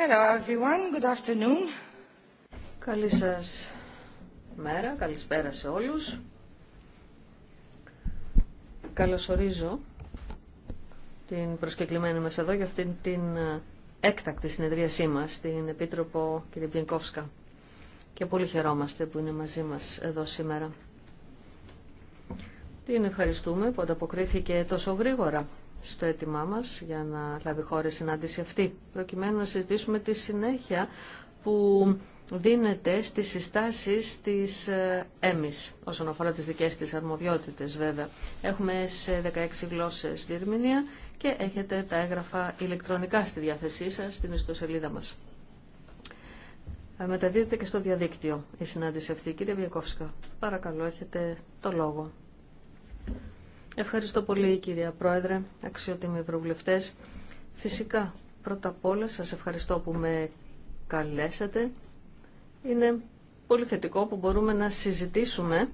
Hello everyone, good afternoon. Καλή σας μέρα, καλησπέρα σε όλους. Καλωσορίζω την προσκεκλημένη μας εδώ για αυτήν την ε, έκτακτη συνεδρίασή μας, την Επίτροπο κ. Πιενκόφσκα. Και πολύ χαιρόμαστε που είναι μαζί μας εδώ σήμερα. Την ευχαριστούμε που ανταποκρίθηκε τόσο γρήγορα στο αίτημά μα για να λάβει χώρα η συνάντηση αυτή, προκειμένου να συζητήσουμε τη συνέχεια που δίνεται στι συστάσεις της ε, ΕΜΙΣ, όσον αφορά τι δικές της αρμοδιότητε, βέβαια. Έχουμε σε 16 γλώσσες διερμηνία και έχετε τα έγγραφα ηλεκτρονικά στη διάθεσή σα, στην ιστοσελίδα μας. Ε, μεταδίδεται και στο διαδίκτυο η συνάντηση αυτή. Κύριε Βιακόφσκα, παρακαλώ, έχετε το λόγο. Ευχαριστώ πολύ κυρία Πρόεδρε, αξιότιμοι ευρωβουλευτές. Φυσικά, πρώτα απ' όλα σας ευχαριστώ που με καλέσατε. Είναι πολύ θετικό που μπορούμε να συζητήσουμε...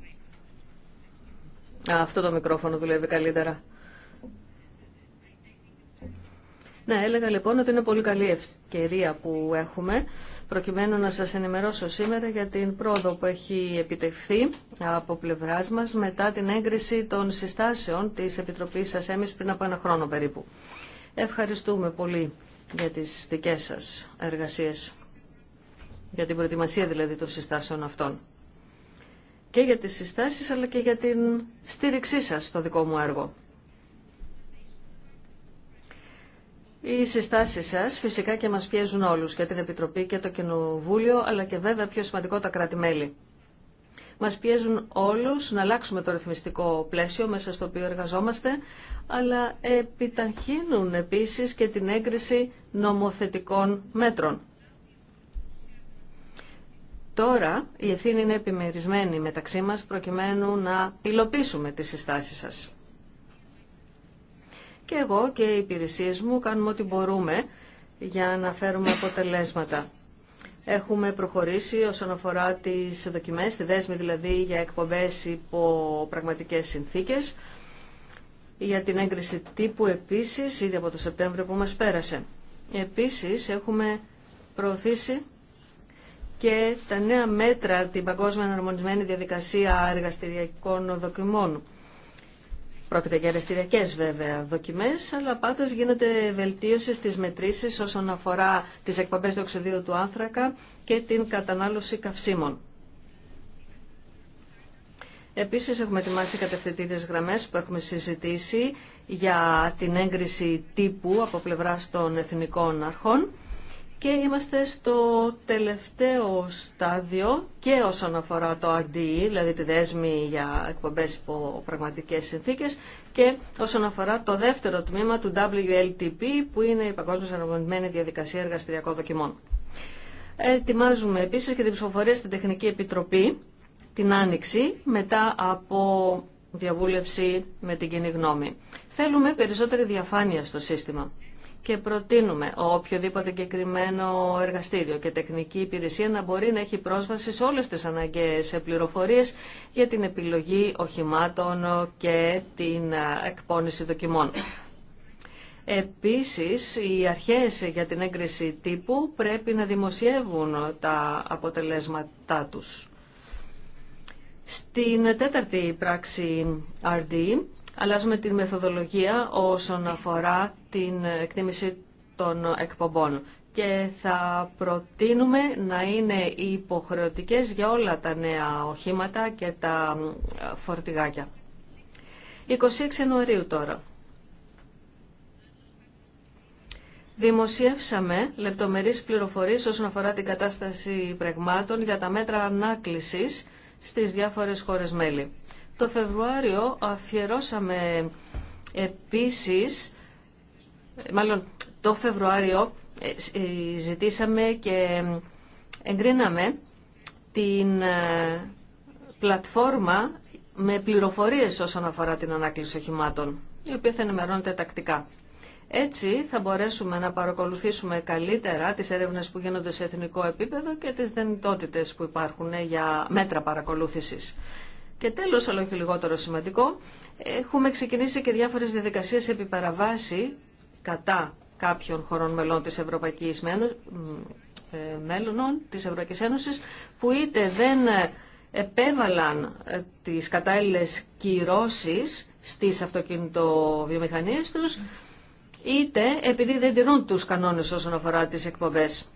αυτό το μικρόφωνο δουλεύει καλύτερα. Ναι, έλεγα λοιπόν ότι είναι πολύ καλή ευκαιρία που έχουμε προκειμένου να σας ενημερώσω σήμερα για την πρόοδο που έχει επιτευχθεί από πλευράς μας μετά την έγκριση των συστάσεων της Επιτροπής σας έμεις πριν από ένα χρόνο περίπου. Ευχαριστούμε πολύ για τις δικές σας εργασίες, για την προετοιμασία δηλαδή των συστάσεων αυτών. Και για τις συστάσεις αλλά και για την στήριξή σας στο δικό μου έργο. Οι συστάσει σας φυσικά και μα πιέζουν όλους και την Επιτροπή και το Κοινοβούλιο αλλά και βέβαια πιο σημαντικό τα κράτη-μέλη. Μας πιέζουν όλους να αλλάξουμε το ρυθμιστικό πλαίσιο μέσα στο οποίο εργαζόμαστε αλλά επιταχύνουν επίσης και την έγκριση νομοθετικών μέτρων. Τώρα η ευθύνη είναι επιμερισμένη μεταξύ μας προκειμένου να υλοποιήσουμε τις συστάσεις σας. Και εγώ και οι υπηρεσίες μου κάνουμε ό,τι μπορούμε για να φέρουμε αποτελέσματα. Έχουμε προχωρήσει όσον αφορά τις δοκιμές, τη δέσμη δηλαδή για εκπομπές υπό πραγματικές συνθήκες, για την έγκριση τύπου επίσης, ήδη από το Σεπτέμβριο που μας πέρασε. Επίσης έχουμε προωθήσει και τα νέα μέτρα την παγκόσμια αναρμονισμένη διαδικασία εργαστηριακών δοκιμών. Πρόκειται για αριστηριακέ βέβαια δοκιμέ, αλλά πάντω γίνεται βελτίωση στι μετρήσει όσον αφορά τι εκπομπέ διοξιδίου του άνθρακα και την κατανάλωση καυσίμων. Επίσης έχουμε ετοιμάσει κατευθυντήριες γραμμές που έχουμε συζητήσει για την έγκριση τύπου από πλευράς των εθνικών αρχών και είμαστε στο τελευταίο στάδιο και όσον αφορά το RDE, δηλαδή τη δέσμη για εκπομπές υπό πραγματικές συνθήκες και όσον αφορά το δεύτερο τμήμα του WLTP που είναι η Παγκόσμια Ενωμένη Διαδικασία Εργαστηριακών Δοκιμών. Ετοιμάζουμε επίσης και την ψηφοφορία στην Τεχνική Επιτροπή την Άνοιξη μετά από διαβούλευση με την κοινή γνώμη. Θέλουμε περισσότερη διαφάνεια στο σύστημα και προτείνουμε οποιοδήποτε εγκεκριμένο εργαστήριο και τεχνική υπηρεσία να μπορεί να έχει πρόσβαση σε όλες τις αναγκαίες πληροφορίες για την επιλογή οχημάτων και την εκπόνηση δοκιμών. Επίσης, οι αρχές για την έγκριση τύπου πρέπει να δημοσιεύουν τα αποτελέσματά τους. Στην τέταρτη πράξη RD αλλάζουμε τη μεθοδολογία όσον αφορά την εκτίμηση των εκπομπών και θα προτείνουμε να είναι υποχρεωτικές για όλα τα νέα οχήματα και τα φορτηγάκια. 26 Ιανουαρίου τώρα. Δημοσιεύσαμε λεπτομερείς πληροφορίες όσον αφορά την κατάσταση πραγμάτων για τα μέτρα ανάκλησης στις διάφορες χώρες μέλη. Το Φεβρουάριο αφιερώσαμε επίσης μάλλον το Φεβρουάριο ε, ε, ζητήσαμε και εγκρίναμε την ε, πλατφόρμα με πληροφορίες όσον αφορά την ανάκληση οχημάτων, η οποία θα ενημερώνεται τακτικά. Έτσι θα μπορέσουμε να παρακολουθήσουμε καλύτερα τις έρευνες που γίνονται σε εθνικό επίπεδο και τις δυνατότητες που υπάρχουν για μέτρα παρακολούθησης. Και τέλος, αλλά όχι λιγότερο σημαντικό, έχουμε ξεκινήσει και διάφορες διαδικασίες επί κατά κάποιων χωρών μελών της Ευρωπαϊκής Ένωση, ε, της Ευρωπαϊκής Ένωσης, που είτε δεν επέβαλαν ε, τις κατάλληλες κυρώσεις στις αυτοκινητοβιομηχανίες τους, είτε επειδή δεν τηρούν τους κανόνες όσον αφορά τις εκπομπές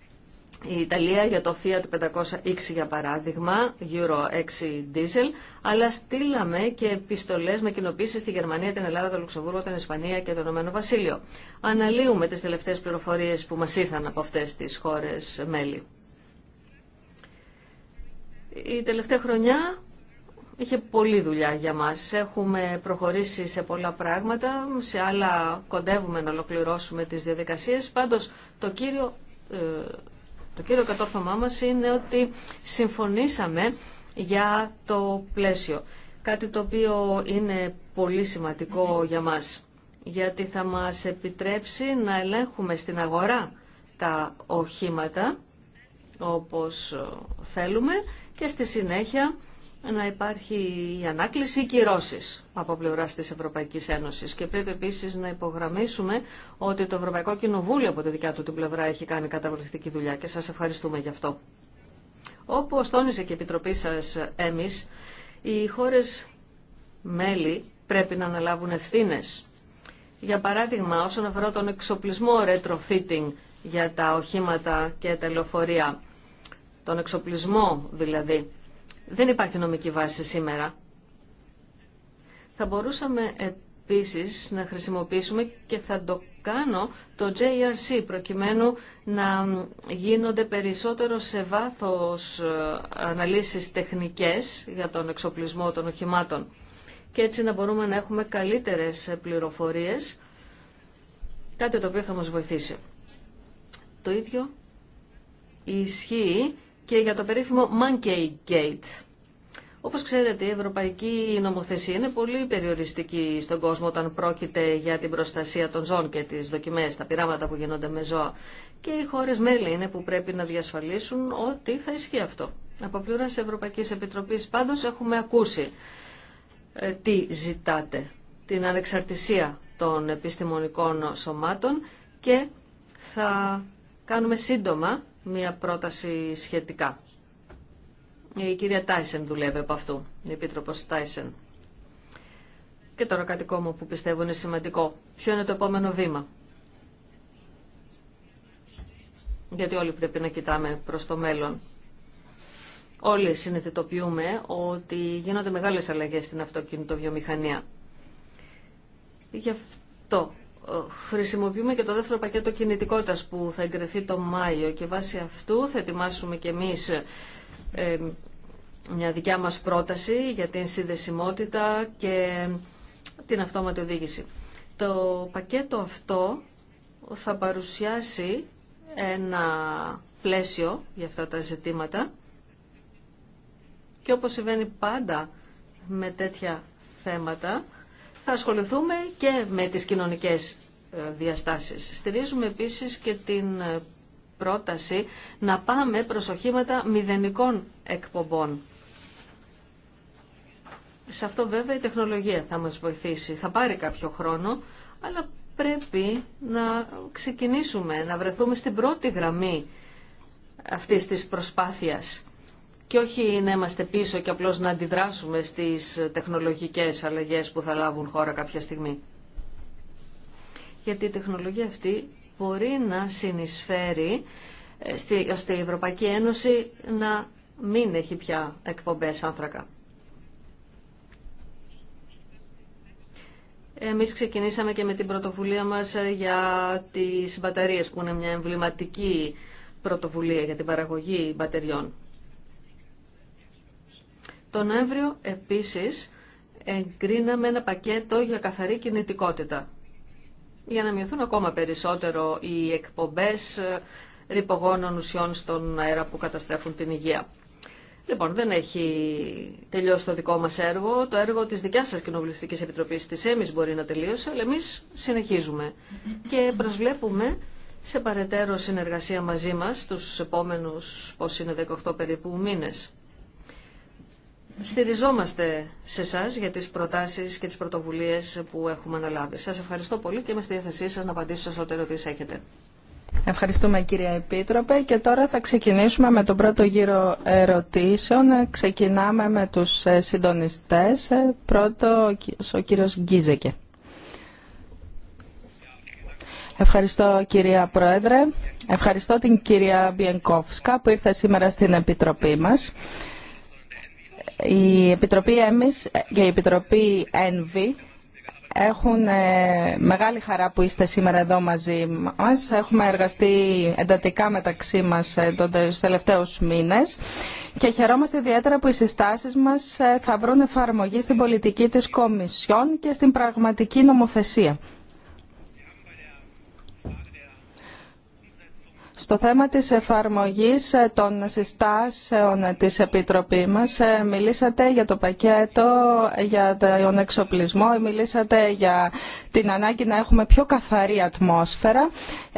η Ιταλία για το Fiat 506 για παράδειγμα, Euro 6 diesel, αλλά στείλαμε και επιστολές με κοινοποίηση στη Γερμανία, την Ελλάδα, το Λουξεμβούργο, την Ισπανία και το Ηνωμένο Βασίλειο. Αναλύουμε τις τελευταίες πληροφορίες που μας ήρθαν από αυτές τις χώρες μέλη. Η τελευταία χρονιά είχε πολλή δουλειά για μας. Έχουμε προχωρήσει σε πολλά πράγματα, σε άλλα κοντεύουμε να ολοκληρώσουμε τις διαδικασίες. Πάντως το κύριο ε, το κύριο κατόρθωμά μας είναι ότι συμφωνήσαμε για το πλαίσιο. Κάτι το οποίο είναι πολύ σημαντικό για μας, γιατί θα μας επιτρέψει να ελέγχουμε στην αγορά τα οχήματα όπως θέλουμε και στη συνέχεια να υπάρχει η ανάκληση κυρώσει από πλευρά τη Ευρωπαϊκή Ένωση. Και πρέπει επίση να υπογραμμίσουμε ότι το Ευρωπαϊκό Κοινοβούλιο από τη δικιά του την πλευρά έχει κάνει καταπληκτική δουλειά και σα ευχαριστούμε γι' αυτό. Όπω τόνισε και η Επιτροπή σα, εμεί, οι χώρε μέλη πρέπει να αναλάβουν ευθύνε. Για παράδειγμα, όσον αφορά τον εξοπλισμό retrofitting για τα οχήματα και τα λεωφορεία, τον εξοπλισμό δηλαδή, δεν υπάρχει νομική βάση σήμερα. Θα μπορούσαμε επίσης να χρησιμοποιήσουμε και θα το κάνω το JRC προκειμένου να γίνονται περισσότερο σε βάθος ε, αναλύσεις τεχνικές για τον εξοπλισμό των οχημάτων και έτσι να μπορούμε να έχουμε καλύτερες πληροφορίες, κάτι το οποίο θα μας βοηθήσει. Το ίδιο ισχύει και για το περίφημο Monkey Gate. Όπως ξέρετε, η ευρωπαϊκή νομοθεσία είναι πολύ περιοριστική στον κόσμο όταν πρόκειται για την προστασία των ζώων και τις δοκιμές, τα πειράματα που γίνονται με ζώα. Και οι χώρες μέλη είναι που πρέπει να διασφαλίσουν ότι θα ισχύει αυτό. Από πλευράς Ευρωπαϊκής Επιτροπής πάντως έχουμε ακούσει ε, τι ζητάτε. Την ανεξαρτησία των επιστημονικών σωμάτων και θα κάνουμε σύντομα μία πρόταση σχετικά. Η κυρία Τάισεν δουλεύει από αυτού, η Επίτροπος Τάισεν. Και τώρα κάτι ακόμα που πιστεύω είναι σημαντικό. Ποιο είναι το επόμενο βήμα. Γιατί όλοι πρέπει να κοιτάμε προς το μέλλον. Όλοι συνειδητοποιούμε ότι γίνονται μεγάλες αλλαγές στην αυτοκινητοβιομηχανία. Γι' αυτό χρησιμοποιούμε και το δεύτερο πακέτο κινητικότητας που θα εγκρεθεί το Μάιο και βάσει αυτού θα ετοιμάσουμε και εμείς ε, μια δικιά μας πρόταση για την συνδεσιμότητα και την αυτόματη οδήγηση. Το πακέτο αυτό θα παρουσιάσει ένα πλαίσιο για αυτά τα ζητήματα και όπως συμβαίνει πάντα με τέτοια θέματα θα ασχοληθούμε και με τις κοινωνικές ε, διαστάσεις. Στηρίζουμε επίσης και την ε, πρόταση να πάμε προς οχήματα μηδενικών εκπομπών. Σε αυτό βέβαια η τεχνολογία θα μας βοηθήσει. Θα πάρει κάποιο χρόνο, αλλά πρέπει να ξεκινήσουμε, να βρεθούμε στην πρώτη γραμμή αυτής της προσπάθειας και όχι να είμαστε πίσω και απλώς να αντιδράσουμε στις τεχνολογικές αλλαγές που θα λάβουν χώρα κάποια στιγμή. Γιατί η τεχνολογία αυτή μπορεί να συνεισφέρει ε, ώστε η Ευρωπαϊκή Ένωση να μην έχει πια εκπομπές άνθρακα. Εμείς ξεκινήσαμε και με την πρωτοβουλία μας ε, για τις μπαταρίες που είναι μια εμβληματική πρωτοβουλία για την παραγωγή μπαταριών. Τον Νοέμβριο επίσης εγκρίναμε ένα πακέτο για καθαρή κινητικότητα για να μειωθούν ακόμα περισσότερο οι εκπομπές ε, ρηπογόνων ουσιών στον αέρα που καταστρέφουν την υγεία. Λοιπόν, δεν έχει τελειώσει το δικό μας έργο. Το έργο της δικιάς σας Κοινοβουλευτικής Επιτροπής της ΕΜΙΣ μπορεί να τελείωσε, αλλά εμείς συνεχίζουμε και προσβλέπουμε σε παρετέρω συνεργασία μαζί μας τους επόμενους, πώς είναι, 18 περίπου μήνες στηριζόμαστε σε εσά για τις προτάσεις και τις πρωτοβουλίε που έχουμε αναλάβει. Σας ευχαριστώ πολύ και είμαι στη διάθεσή σας να απαντήσω σε ό,τι ερωτήσει έχετε. Ευχαριστούμε κυρία Επίτροπε και τώρα θα ξεκινήσουμε με τον πρώτο γύρο ερωτήσεων. Ξεκινάμε με τους ε, συντονιστές. Ε, πρώτο ο κύριος Γκίζεκε. Ευχαριστώ κυρία Πρόεδρε. Ευχαριστώ την κυρία Μπιενκόφσκα που ήρθε σήμερα στην Επιτροπή μας. Η Επιτροπή ΕΜΙΣ και η Επιτροπή ΕΝΒΗ έχουν ε, μεγάλη χαρά που είστε σήμερα εδώ μαζί μας. Έχουμε εργαστεί εντατικά μεταξύ μας ε, τους τελευταίους μήνες και χαιρόμαστε ιδιαίτερα που οι συστάσεις μας ε, θα βρουν εφαρμογή στην πολιτική της Κομισιόν και στην πραγματική νομοθεσία. Στο θέμα της εφαρμογής ε, των συστάσεων της Επιτροπή μας ε, μιλήσατε για το πακέτο, για τον εξοπλισμό, μιλήσατε για την ανάγκη να έχουμε πιο καθαρή ατμόσφαιρα,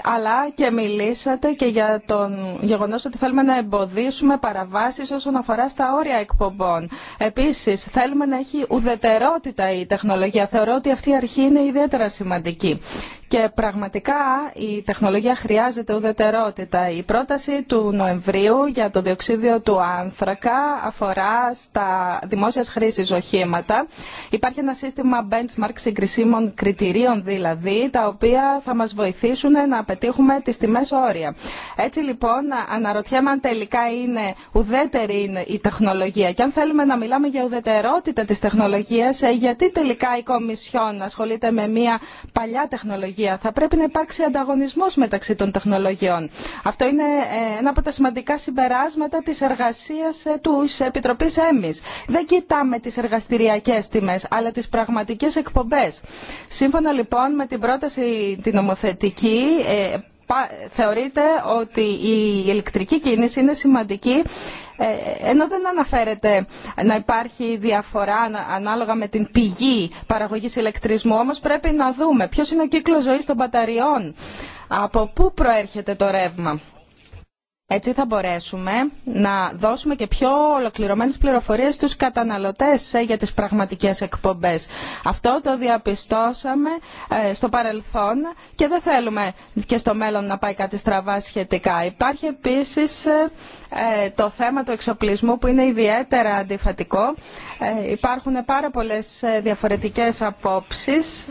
αλλά και μιλήσατε και για τον γεγονός ότι θέλουμε να εμποδίσουμε παραβάσεις όσον αφορά στα όρια εκπομπών. Επίσης, θέλουμε να έχει ουδετερότητα η τεχνολογία. Θεωρώ ότι αυτή η αρχή είναι ιδιαίτερα σημαντική. Και πραγματικά η τεχνολογία χρειάζεται ουδετερότητα. Η πρόταση του Νοεμβρίου για το διοξίδιο του άνθρακα αφορά στα δημόσια χρήση οχήματα. Υπάρχει ένα σύστημα benchmark συγκρισίμων κριτηρίων δηλαδή, τα οποία θα μας βοηθήσουν να πετύχουμε τις τιμές όρια. Έτσι λοιπόν αναρωτιέμαι αν τελικά είναι ουδέτερη είναι η τεχνολογία. Και αν θέλουμε να μιλάμε για ουδετερότητα της τεχνολογίας, ε, γιατί τελικά η Κομισιόν ασχολείται με μια παλιά τεχνολογία θα πρέπει να υπάρξει ανταγωνισμός μεταξύ των τεχνολογιών. Αυτό είναι ε, ένα από τα σημαντικά συμπεράσματα της εργασίας ε, του Επιτροπής ΕΜΙΣ. Δεν κοιτάμε τις εργαστηριακές τιμέ, αλλά τις πραγματικέ εκπομπές. Σύμφωνα λοιπόν με την πρόταση την νομοθετική, ε, θεωρείται ότι η ηλεκτρική κίνηση είναι σημαντική ε, ενώ δεν αναφέρεται να υπάρχει διαφορά ανάλογα με την πηγή παραγωγής ηλεκτρισμού, όμως πρέπει να δούμε ποιος είναι ο κύκλος ζωής των μπαταριών, από πού προέρχεται το ρεύμα. Έτσι θα μπορέσουμε να δώσουμε και πιο ολοκληρωμένες πληροφορίες στους καταναλωτές ε, για τις πραγματικές εκπομπές. Αυτό το διαπιστώσαμε ε, στο παρελθόν και δεν θέλουμε και στο μέλλον να πάει κάτι στραβά σχετικά. Υπάρχει επίσης ε, το θέμα του εξοπλισμού που είναι ιδιαίτερα αντιφατικό. Υπάρχουν πάρα πολλές διαφορετικές απόψεις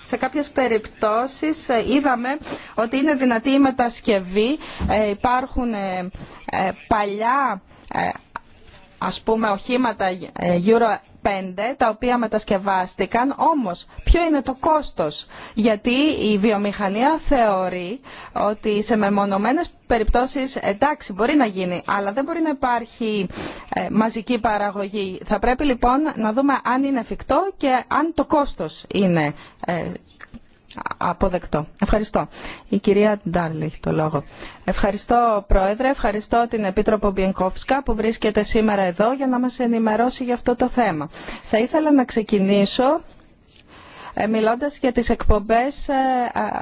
σε κάποιες περιπτώσεις ε, είδαμε ότι είναι δυνατή η μετασκευή, ε, υπάρχουν ε, παλιά ας πούμε οχήματα γύρω πέντε τα οποία μετασκευάστηκαν. Όμως, ποιο είναι το κόστος. Γιατί η βιομηχανία θεωρεί ότι σε μεμονωμένες περιπτώσεις, εντάξει, μπορεί να γίνει, αλλά δεν μπορεί να υπάρχει ε, μαζική παραγωγή. Θα πρέπει λοιπόν να δούμε αν είναι εφικτό και αν το κόστος είναι ε, αποδεκτό. Ευχαριστώ. Η κυρία Ντάρλ έχει το λόγο. Ευχαριστώ Πρόεδρε, ευχαριστώ την Επίτροπο Μπιενκόφσκα που βρίσκεται σήμερα εδώ για να μας ενημερώσει για αυτό το θέμα. Θα ήθελα να ξεκινήσω ε, μιλώντας για τις εκπομπές ε,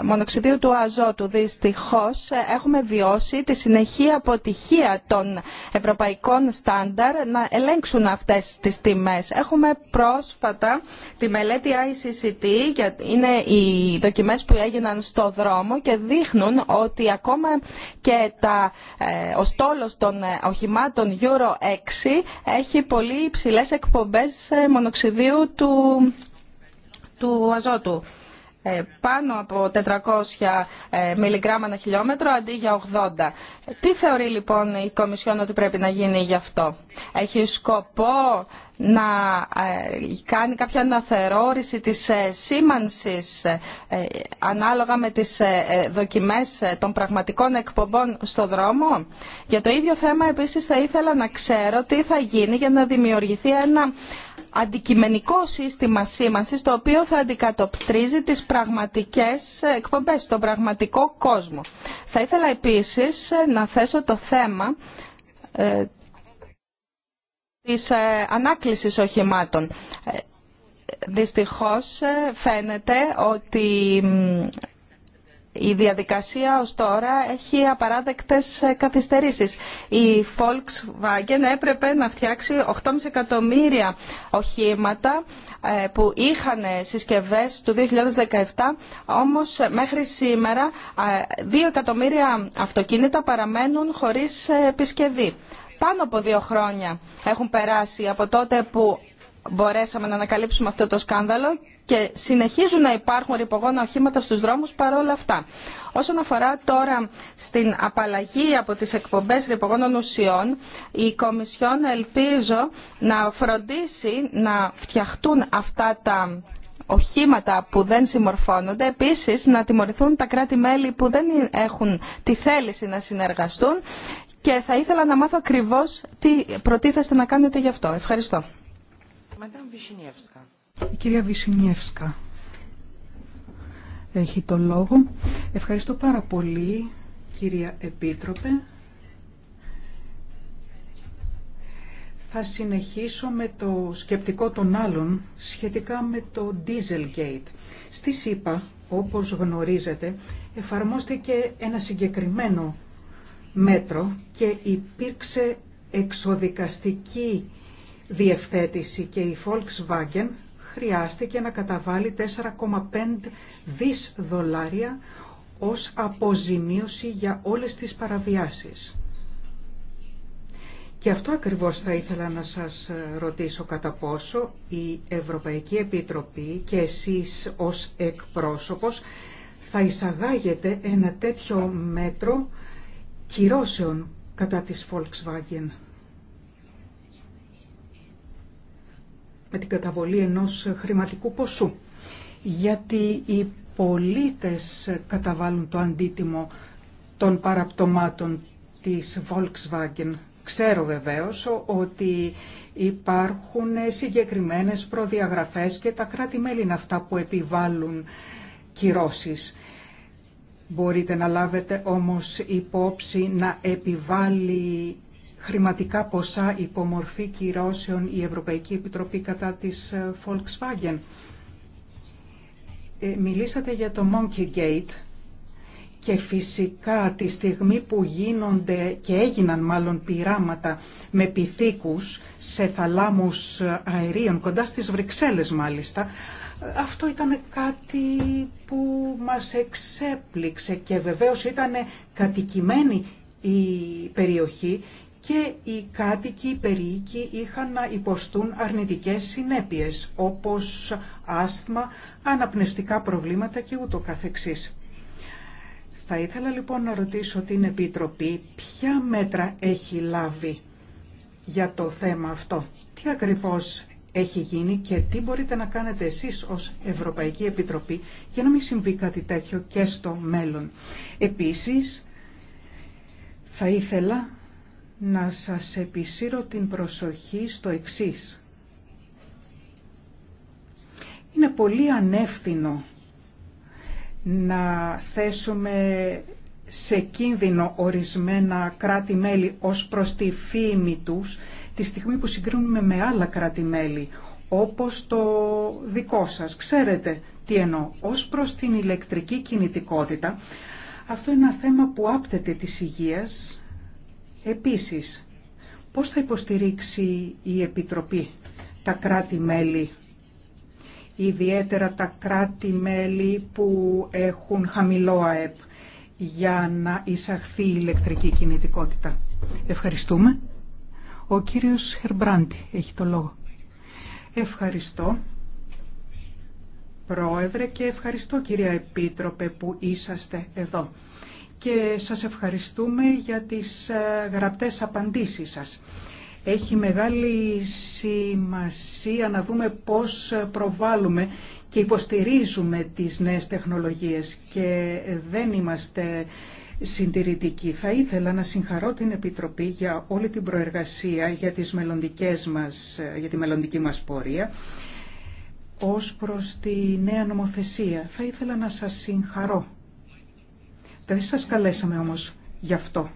μονοξιδίου του αζότου. Δυστυχώς ε, έχουμε βιώσει τη συνεχή αποτυχία των ευρωπαϊκών στάνταρ να ελέγξουν αυτές τις τιμές. Έχουμε πρόσφατα τη μελέτη ICCT, είναι οι δοκιμές που έγιναν στο δρόμο και δείχνουν ότι ακόμα και τα, ο στόλος των οχημάτων Euro 6 έχει πολύ υψηλές εκπομπές μονοξιδίου του του αζότου. Ε, πάνω από 400 ε, μιλιγκράμμα ένα χιλιόμετρο αντί για 80. Τι θεωρεί λοιπόν η Κομισιόν ότι πρέπει να γίνει γι' αυτό. Έχει σκοπό να ε, κάνει κάποια αναθερώρηση της σήμανσης ανάλογα με τις δοκιμές των πραγματικών εκπομπών στο δρόμο. Για το ίδιο θέμα επίσης θα ήθελα να ξέρω τι θα γίνει για να δημιουργηθεί ένα αντικειμενικό σύστημα σήμανσης το οποίο θα αντικατοπτρίζει τις πραγματικές εκπομπές, τον πραγματικό κόσμο. Θα ήθελα επίσης να θέσω το θέμα ε, της ε, ανάκλησης οχημάτων. Ε, δυστυχώς ε, φαίνεται ότι η διαδικασία ως τώρα έχει απαράδεκτες ε, καθυστερήσεις. Η Volkswagen έπρεπε να φτιάξει 8,5 εκατομμύρια οχήματα ε, που είχαν συσκευές του 2017, όμως ε, μέχρι σήμερα 2 εκατομμύρια αυτοκίνητα παραμένουν χωρίς επισκευή. Πάνω από δύο χρόνια έχουν περάσει από τότε που μπορέσαμε να ανακαλύψουμε αυτό το σκάνδαλο και συνεχίζουν να υπάρχουν ρηπογόνα οχήματα στους δρόμους παρόλα αυτά. Όσον αφορά τώρα στην απαλλαγή από τις εκπομπές ρηπογόνων ουσιών, η Κομισιόν ελπίζω να φροντίσει να φτιαχτούν αυτά τα οχήματα που δεν συμμορφώνονται, επίσης να τιμωρηθούν τα κράτη-μέλη που δεν έχουν τη θέληση να συνεργαστούν και θα ήθελα να μάθω ακριβώς τι προτίθεστε να κάνετε γι' αυτό. Ευχαριστώ. Η κυρία Βυσινιεύσκα έχει το λόγο. Ευχαριστώ πάρα πολύ, κυρία Επίτροπε. Θα συνεχίσω με το σκεπτικό των άλλων σχετικά με το Dieselgate. Στη ΣΥΠΑ, όπως γνωρίζετε, εφαρμόστηκε ένα συγκεκριμένο μέτρο και υπήρξε εξοδικαστική διευθέτηση και η Volkswagen χρειάστηκε να καταβάλει 4,5 δις δολάρια ως αποζημίωση για όλες τις παραβιάσεις. Και αυτό ακριβώς θα ήθελα να σας ρωτήσω κατά πόσο η Ευρωπαϊκή Επιτροπή και εσείς ως εκπρόσωπος θα εισαγάγετε ένα τέτοιο μέτρο κυρώσεων κατά της Volkswagen. την καταβολή ενός χρηματικού ποσού. Γιατί οι πολίτες καταβάλουν το αντίτιμο των παραπτωμάτων της Volkswagen. Ξέρω βεβαίως ότι υπάρχουν συγκεκριμένες προδιαγραφές και τα κράτη-μέλη είναι αυτά που επιβάλλουν κυρώσεις. Μπορείτε να λάβετε όμως υπόψη να επιβάλλει χρηματικά ποσά υπομορφή κυρώσεων η Ευρωπαϊκή Επιτροπή κατά της ε, Volkswagen. Ε, μιλήσατε για το Monkey Gate και φυσικά τη στιγμή που γίνονται και έγιναν μάλλον πειράματα με πυθίκους σε θαλάμους ε, αερίων, κοντά στις Βρυξέλλες μάλιστα, αυτό ήταν κάτι που μας εξέπληξε και βεβαίως ήταν κατοικημένη η περιοχή και οι κάτοικοι οι περίοικοι είχαν να υποστούν αρνητικές συνέπειες όπως άσθμα, αναπνευστικά προβλήματα και ούτω καθεξής. Θα ήθελα λοιπόν να ρωτήσω την Επιτροπή ποια μέτρα έχει λάβει για το θέμα αυτό. Τι ακριβώς έχει γίνει και τι μπορείτε να κάνετε εσείς ως Ευρωπαϊκή Επιτροπή για να μην συμβεί κάτι τέτοιο και στο μέλλον. Επίσης, θα ήθελα να σας επισύρω την προσοχή στο εξής. Είναι πολύ ανεύθυνο να θέσουμε σε κίνδυνο ορισμένα κράτη-μέλη ως προς τη φήμη τους τη στιγμή που συγκρίνουμε με άλλα κράτη-μέλη όπως το δικό σας. Ξέρετε τι εννοώ. Ως προς την ηλεκτρική κινητικότητα αυτό είναι ένα θέμα που άπτεται της υγείας Επίσης, πώς θα υποστηρίξει η Επιτροπή τα κράτη-μέλη, ιδιαίτερα τα κράτη-μέλη που έχουν χαμηλό ΑΕΠ, για να εισαχθεί η ηλεκτρική κινητικότητα. Ευχαριστούμε. Ο κύριος Χερμπράντη έχει το λόγο. Ευχαριστώ. Πρόεδρε και ευχαριστώ κυρία Επίτροπε που είσαστε εδώ και σας ευχαριστούμε για τις ε, γραπτές απαντήσεις σας. Έχει μεγάλη σημασία να δούμε πώς προβάλλουμε και υποστηρίζουμε τις νέες τεχνολογίες και δεν είμαστε συντηρητικοί. Θα ήθελα να συγχαρώ την Επιτροπή για όλη την προεργασία για, τις μελλοντικές μας, για τη μελλοντική μας πορεία ως προς τη νέα νομοθεσία. Θα ήθελα να σας συγχαρώ δεν σας καλέσαμε όμως γι' αυτό.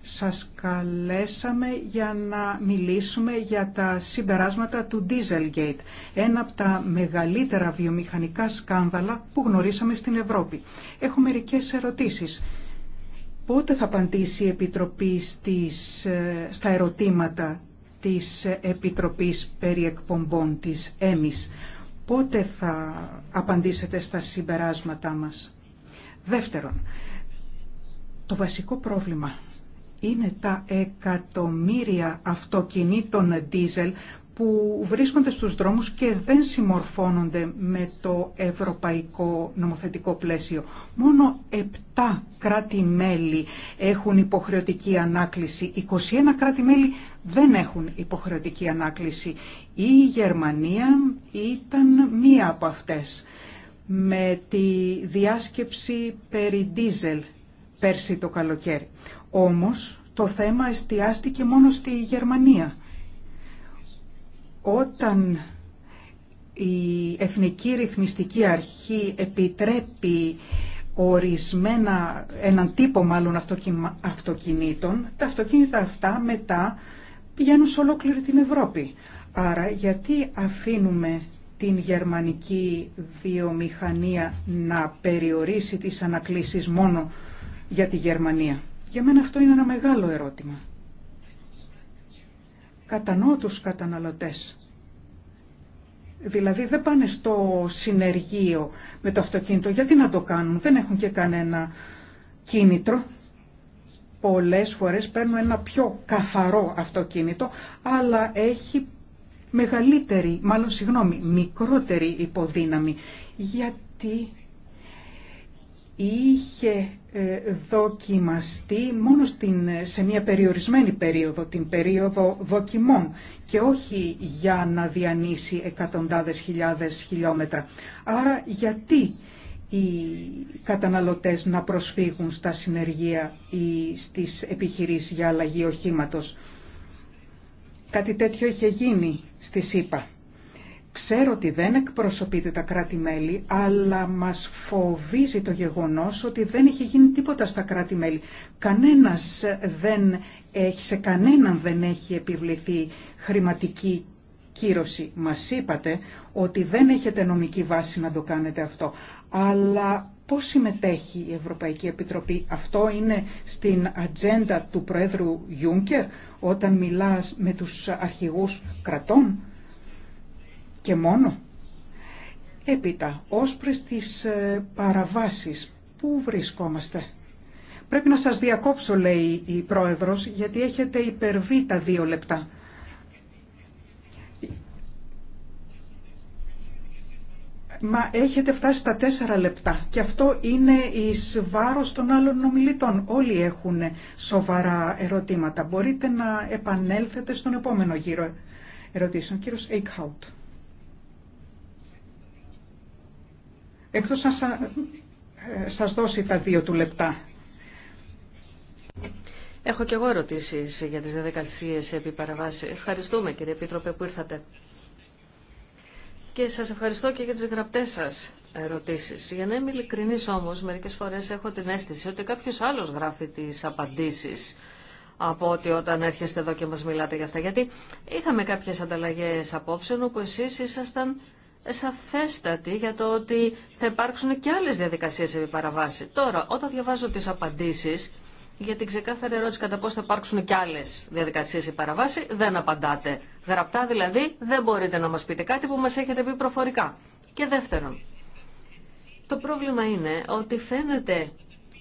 Σας καλέσαμε για να μιλήσουμε για τα συμπεράσματα του Dieselgate, ένα από τα μεγαλύτερα βιομηχανικά σκάνδαλα που γνωρίσαμε στην Ευρώπη. Έχω μερικές ερωτήσεις. Πότε θα απαντήσει η Επιτροπή ε, στα ερωτήματα της Επιτροπής περί εκπομπών της ΕΜΙΣ. Πότε θα απαντήσετε στα συμπεράσματά μας. Δεύτερον, το βασικό πρόβλημα είναι τα εκατομμύρια αυτοκινήτων δίζελ που βρίσκονται στους δρόμους και δεν συμμορφώνονται με το ευρωπαϊκό νομοθετικό πλαίσιο. Μόνο 7 κράτη-μέλη έχουν υποχρεωτική ανάκληση, 21 κράτη-μέλη δεν έχουν υποχρεωτική ανάκληση. Η Γερμανία ήταν μία από αυτές με τη διάσκεψη περί ντίζελ πέρσι το καλοκαίρι. Όμως το θέμα εστιάστηκε μόνο στη Γερμανία. Όταν η Εθνική Ρυθμιστική Αρχή επιτρέπει ορισμένα, έναν τύπο μάλλον αυτοκινήτων, τα αυτοκίνητα αυτά μετά πηγαίνουν σε ολόκληρη την Ευρώπη. Άρα γιατί αφήνουμε την γερμανική βιομηχανία να περιορίσει τις ανακλήσεις μόνο για τη Γερμανία. Για μένα αυτό είναι ένα μεγάλο ερώτημα. Κατανοώ τους καταναλωτές. Δηλαδή δεν πάνε στο συνεργείο με το αυτοκίνητο. Γιατί να το κάνουν. Δεν έχουν και κανένα κίνητρο. Πολλές φορές παίρνουν ένα πιο καθαρό αυτοκίνητο, αλλά έχει μεγαλύτερη, μάλλον συγγνώμη, μικρότερη υποδύναμη, γιατί είχε ε, δοκιμαστεί μόνο στην, σε μια περιορισμένη περίοδο, την περίοδο δοκιμών και όχι για να διανύσει εκατοντάδες χιλιάδες χιλιόμετρα. Άρα γιατί οι καταναλωτές να προσφύγουν στα συνεργεία ή στις επιχειρήσεις για αλλαγή οχήματος. Κάτι τέτοιο είχε γίνει στη ΣΥΠΑ. Ξέρω ότι δεν εκπροσωπείται τα κράτη-μέλη, αλλά μας φοβίζει το γεγονός ότι δεν έχει γίνει τίποτα στα κράτη-μέλη. Κανένας δεν έχει, σε κανέναν δεν έχει επιβληθεί χρηματική κύρωση. Μας είπατε ότι δεν έχετε νομική βάση να το κάνετε αυτό, αλλά Πώς συμμετέχει η Ευρωπαϊκή Επιτροπή. Αυτό είναι στην ατζέντα του Προέδρου Γιούνκερ όταν μιλάς με τους αρχηγούς κρατών και μόνο. Έπειτα, ω προ τις ε, παραβάσεις, πού βρισκόμαστε. Πρέπει να σας διακόψω, λέει η Πρόεδρος, γιατί έχετε υπερβεί τα δύο λεπτά. Μα έχετε φτάσει στα τέσσερα λεπτά και αυτό είναι εις βάρος των άλλων ομιλητών. Όλοι έχουν σοβαρά ερωτήματα. Μπορείτε να επανέλθετε στον επόμενο γύρο ερωτήσεων. Κύριος Eichhout. Εκτός να ε, σας δώσει τα δύο του λεπτά. Έχω και εγώ ερωτήσεις για τις διαδικασίες επί παραβάση. Ευχαριστούμε κύριε Επίτροπε που ήρθατε και σας ευχαριστώ και για τις γραπτές σας ερωτήσεις. Για να είμαι ειλικρινής όμως, μερικές φορές έχω την αίσθηση ότι κάποιος άλλος γράφει τις απαντήσεις από ότι όταν έρχεστε εδώ και μας μιλάτε για αυτά. Γιατί είχαμε κάποιες ανταλλαγές απόψεων όπου εσείς ήσασταν σαφέστατοι για το ότι θα υπάρξουν και άλλες διαδικασίες επί παραβάση. Τώρα, όταν διαβάζω τις απαντήσεις, για την ξεκάθαρη ερώτηση κατά πώς θα υπάρξουν και άλλες διαδικασίες ή παραβάση, δεν απαντάτε. Γραπτά δηλαδή δεν μπορείτε να μας πείτε κάτι που μας έχετε πει προφορικά. Και δεύτερον, το πρόβλημα είναι ότι φαίνεται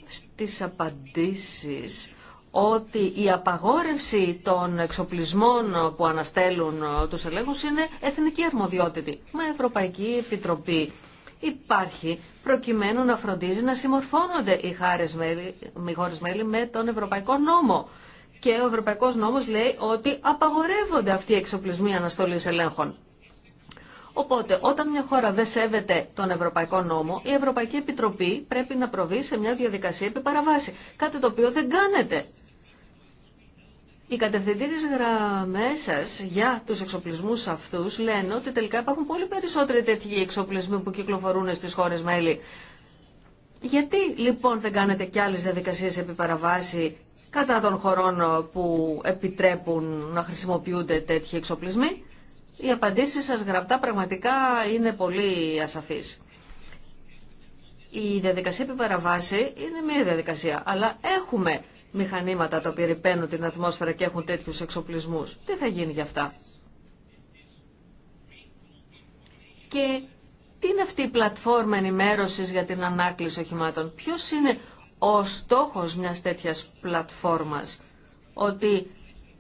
στις απαντήσεις ότι η απαγόρευση των εξοπλισμών που αναστέλουν τους ελέγχους είναι εθνική αρμοδιότητα. Μα Ευρωπαϊκή Επιτροπή υπάρχει προκειμένου να φροντίζει να συμμορφώνονται οι, μέλη, χώρες μέλη με τον Ευρωπαϊκό νόμο. Και ο Ευρωπαϊκός νόμος λέει ότι απαγορεύονται αυτοί οι εξοπλισμοί αναστολής ελέγχων. Οπότε, όταν μια χώρα δεν σέβεται τον Ευρωπαϊκό νόμο, η Ευρωπαϊκή Επιτροπή πρέπει να προβεί σε μια διαδικασία επί παραβάση. Κάτι το οποίο δεν κάνετε οι κατευθυντήριες γραμμές σας για τους εξοπλισμούς αυτούς λένε ότι τελικά υπάρχουν πολύ περισσότεροι τέτοιοι εξοπλισμοί που κυκλοφορούν στις χώρες μέλη. Γιατί λοιπόν δεν κάνετε κι άλλες διαδικασίες επί παραβάση κατά των χωρών που επιτρέπουν να χρησιμοποιούνται τέτοιοι εξοπλισμοί. Οι απαντήσεις σας γραπτά πραγματικά είναι πολύ ασαφείς. Η διαδικασία επί παραβάση είναι μια διαδικασία, αλλά έχουμε μηχανήματα τα οποία ρηπαίνουν την ατμόσφαιρα και έχουν τέτοιου εξοπλισμούς. Τι θα γίνει για αυτά. Και τι είναι αυτή η πλατφόρμα ενημέρωση για την ανάκληση οχημάτων. Ποιο είναι ο στόχος μιας τέτοιας πλατφόρμας. Ότι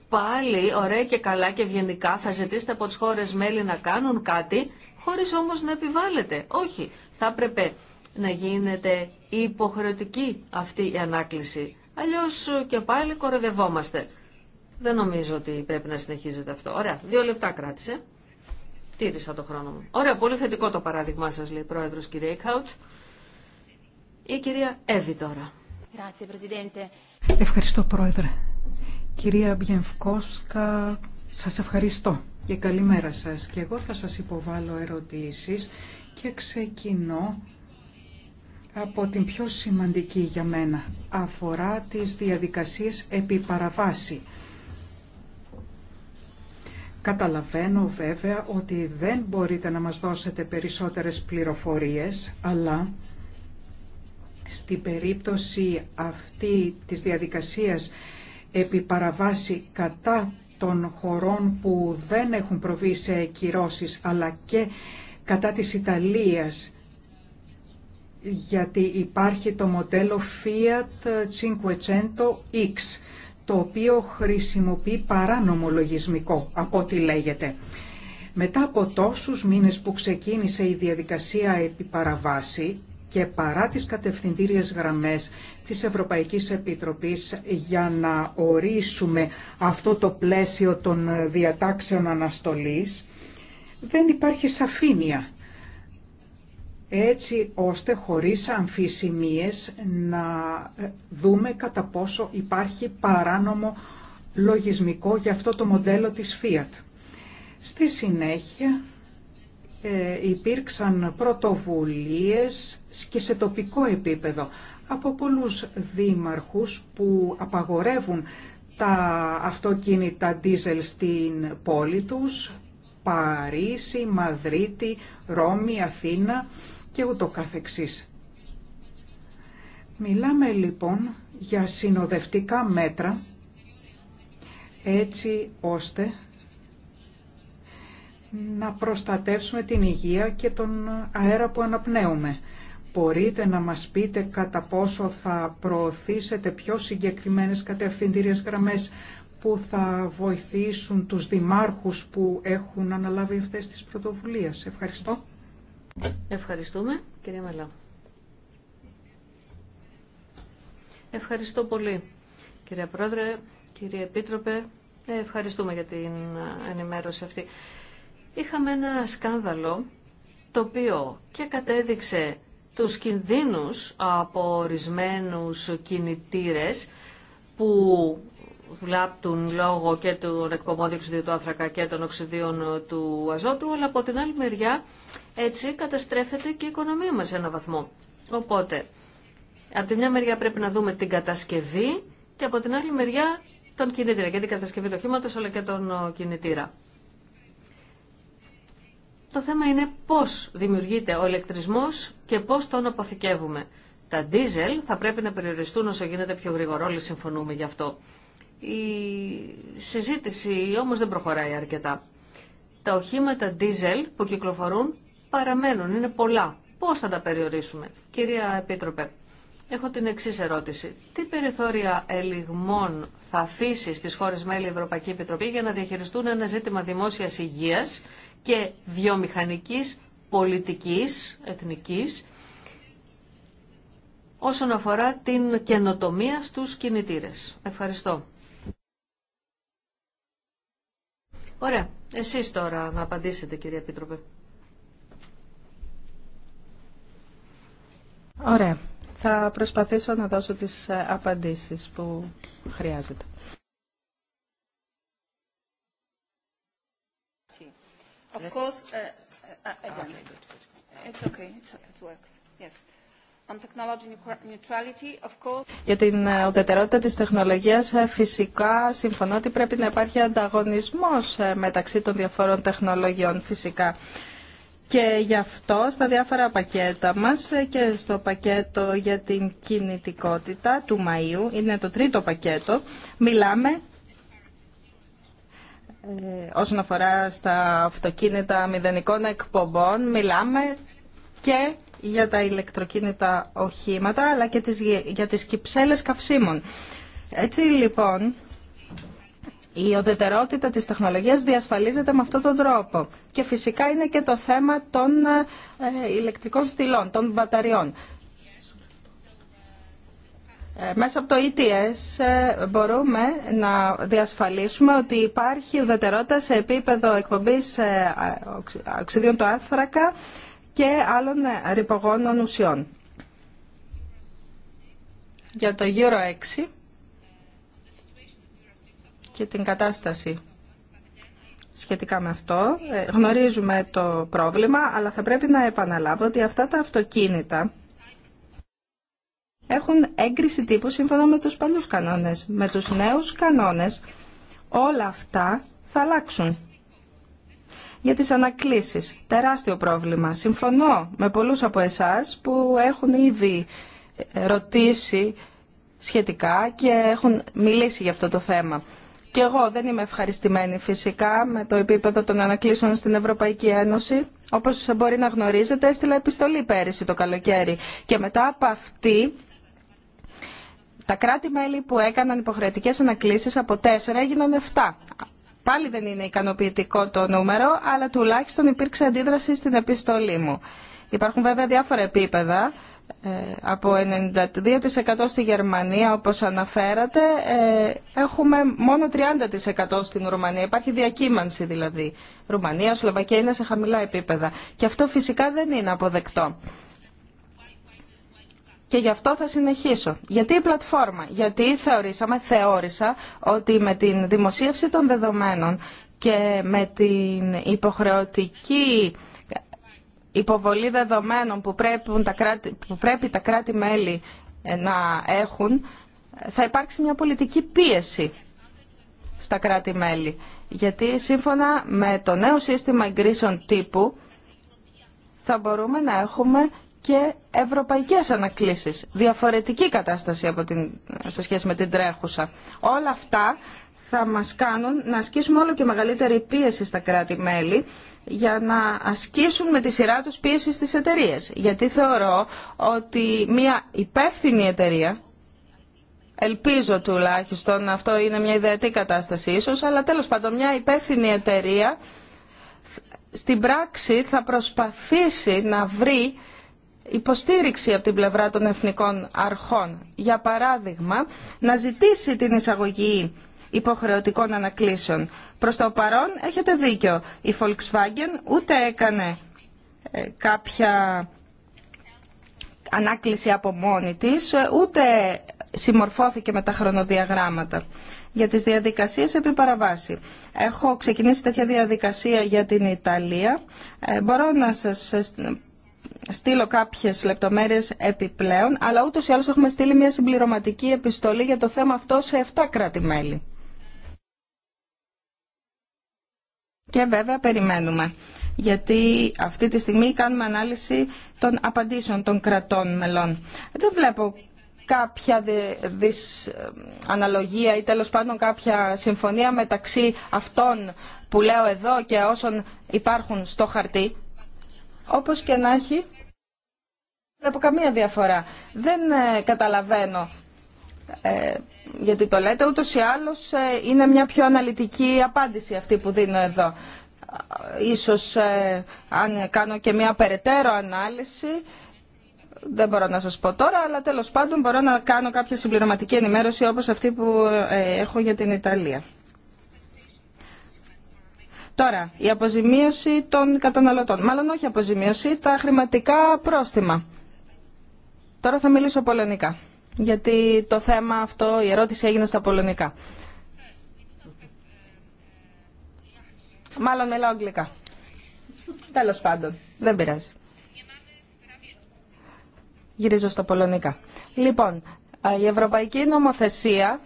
πάλι ωραία και καλά και ευγενικά θα ζητήσετε από τι χώρε μέλη να κάνουν κάτι, χωρίς όμως να επιβάλλετε. Όχι, θα έπρεπε να γίνεται υποχρεωτική αυτή η ανάκληση. Αλλιώς και πάλι κοροδευόμαστε. Δεν νομίζω ότι πρέπει να συνεχίζεται αυτό. Ωραία, δύο λεπτά κράτησε. Τήρησα το χρόνο μου. Ωραία, πολύ θετικό το παράδειγμά σας, λέει η Πρόεδρος κυρία Ικάουτ. Η κυρία Εύη τώρα. Ευχαριστώ, Πρόεδρε. Κυρία Μπιενφκόσκα, σας ευχαριστώ και καλημέρα σας. Και εγώ θα σας υποβάλω ερωτήσεις και ξεκινώ από την πιο σημαντική για μένα. Αφορά τις διαδικασίες επί παραβάση. Καταλαβαίνω βέβαια ότι δεν μπορείτε να μας δώσετε περισσότερες πληροφορίες, αλλά στην περίπτωση αυτή της διαδικασίας επί παραβάση κατά των χωρών που δεν έχουν προβεί σε κυρώσεις αλλά και κατά της Ιταλίας γιατί υπάρχει το μοντέλο Fiat 500 X, το οποίο χρησιμοποιεί παράνομο λογισμικό, από ό,τι λέγεται. Μετά από τόσους μήνες που ξεκίνησε η διαδικασία επί και παρά τις κατευθυντήριες γραμμές της Ευρωπαϊκής Επιτροπής για να ορίσουμε αυτό το πλαίσιο των διατάξεων αναστολής, δεν υπάρχει σαφήνεια έτσι ώστε χωρίς αμφισημίες να ε, δούμε κατά πόσο υπάρχει παράνομο λογισμικό για αυτό το μοντέλο της Fiat. Στη συνέχεια ε, υπήρξαν πρωτοβουλίες και σε τοπικό επίπεδο από πολλούς δήμαρχους που απαγορεύουν τα αυτοκίνητα diesel στην πόλη τους, Παρίσι, Μαδρίτη, Ρώμη, Αθήνα και ούτω καθεξής. Μιλάμε λοιπόν για συνοδευτικά μέτρα έτσι ώστε να προστατεύσουμε την υγεία και τον αέρα που αναπνέουμε. Μπορείτε να μας πείτε κατά πόσο θα προωθήσετε πιο συγκεκριμένες κατευθυντήριες γραμμές που θα βοηθήσουν τους δημάρχους που έχουν αναλάβει αυτές τις πρωτοβουλίες. Ευχαριστώ. Ευχαριστούμε, κυρία Μελά. Ευχαριστώ πολύ, κυρία Πρόεδρε, κύριε Επίτροπε. Ε, ευχαριστούμε για την ε, ενημέρωση αυτή. Είχαμε ένα σκάνδαλο το οποίο και κατέδειξε τους κινδύνους από ορισμένους κινητήρες που βλάπτουν λόγω και του εκπομπών διοξιδίου του άνθρακα και των οξυδίων ε, του αζότου, αλλά από την άλλη μεριά έτσι καταστρέφεται και η οικονομία μας σε έναν βαθμό. Οπότε, από τη μια μεριά πρέπει να δούμε την κατασκευή και από την άλλη μεριά τον κινητήρα και την κατασκευή του οχήματος αλλά και τον κινητήρα. Το θέμα είναι πώς δημιουργείται ο ηλεκτρισμός και πώς τον αποθηκεύουμε. Τα ντίζελ θα πρέπει να περιοριστούν όσο γίνεται πιο γρήγορα, όλοι συμφωνούμε γι' αυτό. Η συζήτηση όμως δεν προχωράει αρκετά. Τα οχήματα diesel που κυκλοφορούν παραμένουν, είναι πολλά. Πώς θα τα περιορίσουμε. Κυρία Επίτροπε, έχω την εξής ερώτηση. Τι περιθώρια ελιγμών θα αφήσει στις χώρες μέλη Ευρωπαϊκή Επιτροπή για να διαχειριστούν ένα ζήτημα δημόσιας υγείας και βιομηχανικής πολιτικής, εθνικής, όσον αφορά την καινοτομία στους κινητήρες. Ευχαριστώ. Ωραία. Εσείς τώρα να απαντήσετε κυρία Επίτροπε. Ωραία. Θα προσπαθήσω να δώσω τις ε, απαντήσεις που χρειάζεται. Of course, ε, ε, It's okay. It works. Yes. Για την ε, ουδετερότητα της τεχνολογίας ε, φυσικά συμφωνώ ότι πρέπει να υπάρχει ανταγωνισμός ε, μεταξύ των διαφορών τεχνολογιών φυσικά. Και γι' αυτό στα διάφορα πακέτα μας και στο πακέτο για την κινητικότητα του Μαΐου, είναι το τρίτο πακέτο, μιλάμε όσον αφορά στα αυτοκίνητα μηδενικών εκπομπών, μιλάμε και για τα ηλεκτροκίνητα οχήματα αλλά και για τις κυψέλες καυσίμων. Έτσι λοιπόν η οδετερότητα της τεχνολογίας διασφαλίζεται με αυτόν τον τρόπο. Και φυσικά είναι και το θέμα των ε, ηλεκτρικών στυλών, των μπαταριών. Ε, μέσα από το ETS ε, μπορούμε να διασφαλίσουμε ότι υπάρχει ουδετερότητα σε επίπεδο εκπομπής οξυδίων του άνθρακα και άλλων ρηπογόνων ουσιών. Για το γύρο 6 και την κατάσταση σχετικά με αυτό. Ε, γνωρίζουμε το πρόβλημα, αλλά θα πρέπει να επαναλάβω ότι αυτά τα αυτοκίνητα έχουν έγκριση τύπου σύμφωνα με τους παλιούς κανόνες. Με τους νέους κανόνες όλα αυτά θα αλλάξουν για τις ανακλήσεις. Τεράστιο πρόβλημα. Συμφωνώ με πολλούς από εσάς που έχουν ήδη ε, ρωτήσει σχετικά και έχουν μιλήσει για αυτό το θέμα. Και εγώ δεν είμαι ευχαριστημένη φυσικά με το επίπεδο των ανακλήσεων στην Ευρωπαϊκή Ένωση. Όπως μπορεί να γνωρίζετε, έστειλα επιστολή πέρυσι το καλοκαίρι. Και μετά από αυτή, τα κράτη-μέλη που έκαναν υποχρεωτικές ανακλήσεις από τέσσερα έγιναν 7. Πάλι δεν είναι ικανοποιητικό το νούμερο, αλλά τουλάχιστον υπήρξε αντίδραση στην επιστολή μου. Υπάρχουν βέβαια διάφορα επίπεδα, ε, από 92% στη Γερμανία, όπως αναφέρατε, ε, έχουμε μόνο 30% στην Ρουμανία. Υπάρχει διακύμανση δηλαδή. Ρουμανία, Σλοβακία είναι σε χαμηλά επίπεδα. Και αυτό φυσικά δεν είναι αποδεκτό και γι' αυτό θα συνεχίσω. Γιατί η πλατφόρμα, γιατί θεωρήσαμε, θεώρησα ότι με την δημοσίευση των δεδομένων και με την υποχρεωτική υποβολή δεδομένων που πρέπει τα κράτη, που πρέπει τα κράτη μέλη ε, να έχουν, θα υπάρξει μια πολιτική πίεση στα κράτη μέλη. Γιατί σύμφωνα με το νέο σύστημα εγκρίσεων τύπου θα μπορούμε να έχουμε και ευρωπαϊκές ανακλήσεις. Διαφορετική κατάσταση από την, σε σχέση με την τρέχουσα. Όλα αυτά θα μας κάνουν να ασκήσουμε όλο και μεγαλύτερη πίεση στα κράτη-μέλη για να ασκήσουν με τη σειρά τους πίεση στις εταιρείε. Γιατί θεωρώ ότι μια υπεύθυνη εταιρεία, ελπίζω τουλάχιστον, αυτό είναι μια ιδεατή κατάσταση ίσως, αλλά τέλος πάντων μια υπεύθυνη εταιρεία στην πράξη θα προσπαθήσει να βρει υποστήριξη από την πλευρά των εθνικών αρχών. Για παράδειγμα, να ζητήσει την εισαγωγή υποχρεωτικών ανακλήσεων. Προς το παρόν έχετε δίκιο. Η Volkswagen ούτε έκανε ε, κάποια ανάκληση από μόνη της, ε, ούτε συμμορφώθηκε με τα χρονοδιαγράμματα για τις διαδικασίες επί παραβάση. Έχω ξεκινήσει τέτοια διαδικασία για την Ιταλία. Ε, μπορώ να σας στείλω κάποιες λεπτομέρειες επιπλέον, αλλά ούτω ή άλλω έχουμε στείλει μια συμπληρωματική επιστολή για το θέμα αυτό σε 7 κράτη-μέλη. Και βέβαια περιμένουμε, γιατί αυτή τη στιγμή κάνουμε ανάλυση των απαντήσεων των κρατών μελών. Δεν βλέπω κάποια δυσαναλογία ή τέλος πάντων κάποια συμφωνία μεταξύ αυτών που λέω εδώ και όσων υπάρχουν στο χαρτί. Όπως και να έχει, από καμία διαφορά. Δεν ε, καταλαβαίνω ε, γιατί το λέτε. Ούτως ή άλλως ε, είναι μια πιο αναλυτική απάντηση αυτή που δίνω εδώ. Ίσως αν κάνω και μια περαιτέρω ανάλυση, δεν μπορώ να σας πω τώρα, αλλά τέλος πάντων μπορώ να κάνω κάποια συμπληρωματική ενημέρωση όπως αυτή που έχω για την Ιταλία. Τώρα, η αποζημίωση των καταναλωτών. Μάλλον όχι αποζημίωση, τα χρηματικά πρόστιμα. Τώρα θα μιλήσω πολωνικά, γιατί το θέμα αυτό, η ερώτηση έγινε στα πολωνικά. Μάλλον μιλάω αγγλικά. Τέλος πάντων, δεν πειράζει. Γυρίζω στα πολωνικά. Λοιπόν, η ευρωπαϊκή νομοθεσία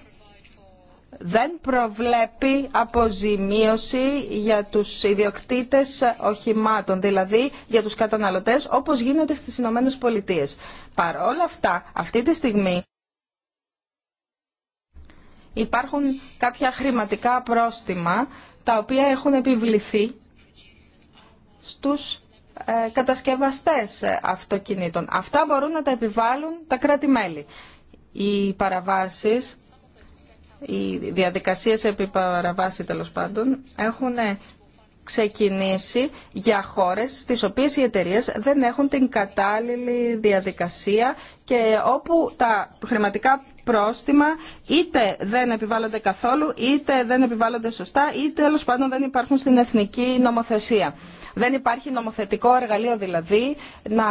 δεν προβλέπει αποζημίωση για τους ιδιοκτήτες οχημάτων, δηλαδή για τους καταναλωτές, όπως γίνεται στις Ηνωμένε Πολιτείες. Παρ' όλα αυτά, αυτή τη στιγμή υπάρχουν κάποια χρηματικά πρόστιμα, τα οποία έχουν επιβληθεί στους ε, κατασκευαστές αυτοκινήτων. Αυτά μπορούν να τα επιβάλλουν τα κράτη-μέλη. Οι παραβάσεις οι διαδικασίες επί παραβάση τέλος πάντων έχουν ξεκινήσει για χώρες στις οποίες οι εταιρείε δεν έχουν την κατάλληλη διαδικασία και όπου τα χρηματικά πρόστιμα είτε δεν επιβάλλονται καθόλου, είτε δεν επιβάλλονται σωστά, είτε τέλο πάντων δεν υπάρχουν στην εθνική νομοθεσία. Δεν υπάρχει νομοθετικό εργαλείο δηλαδή να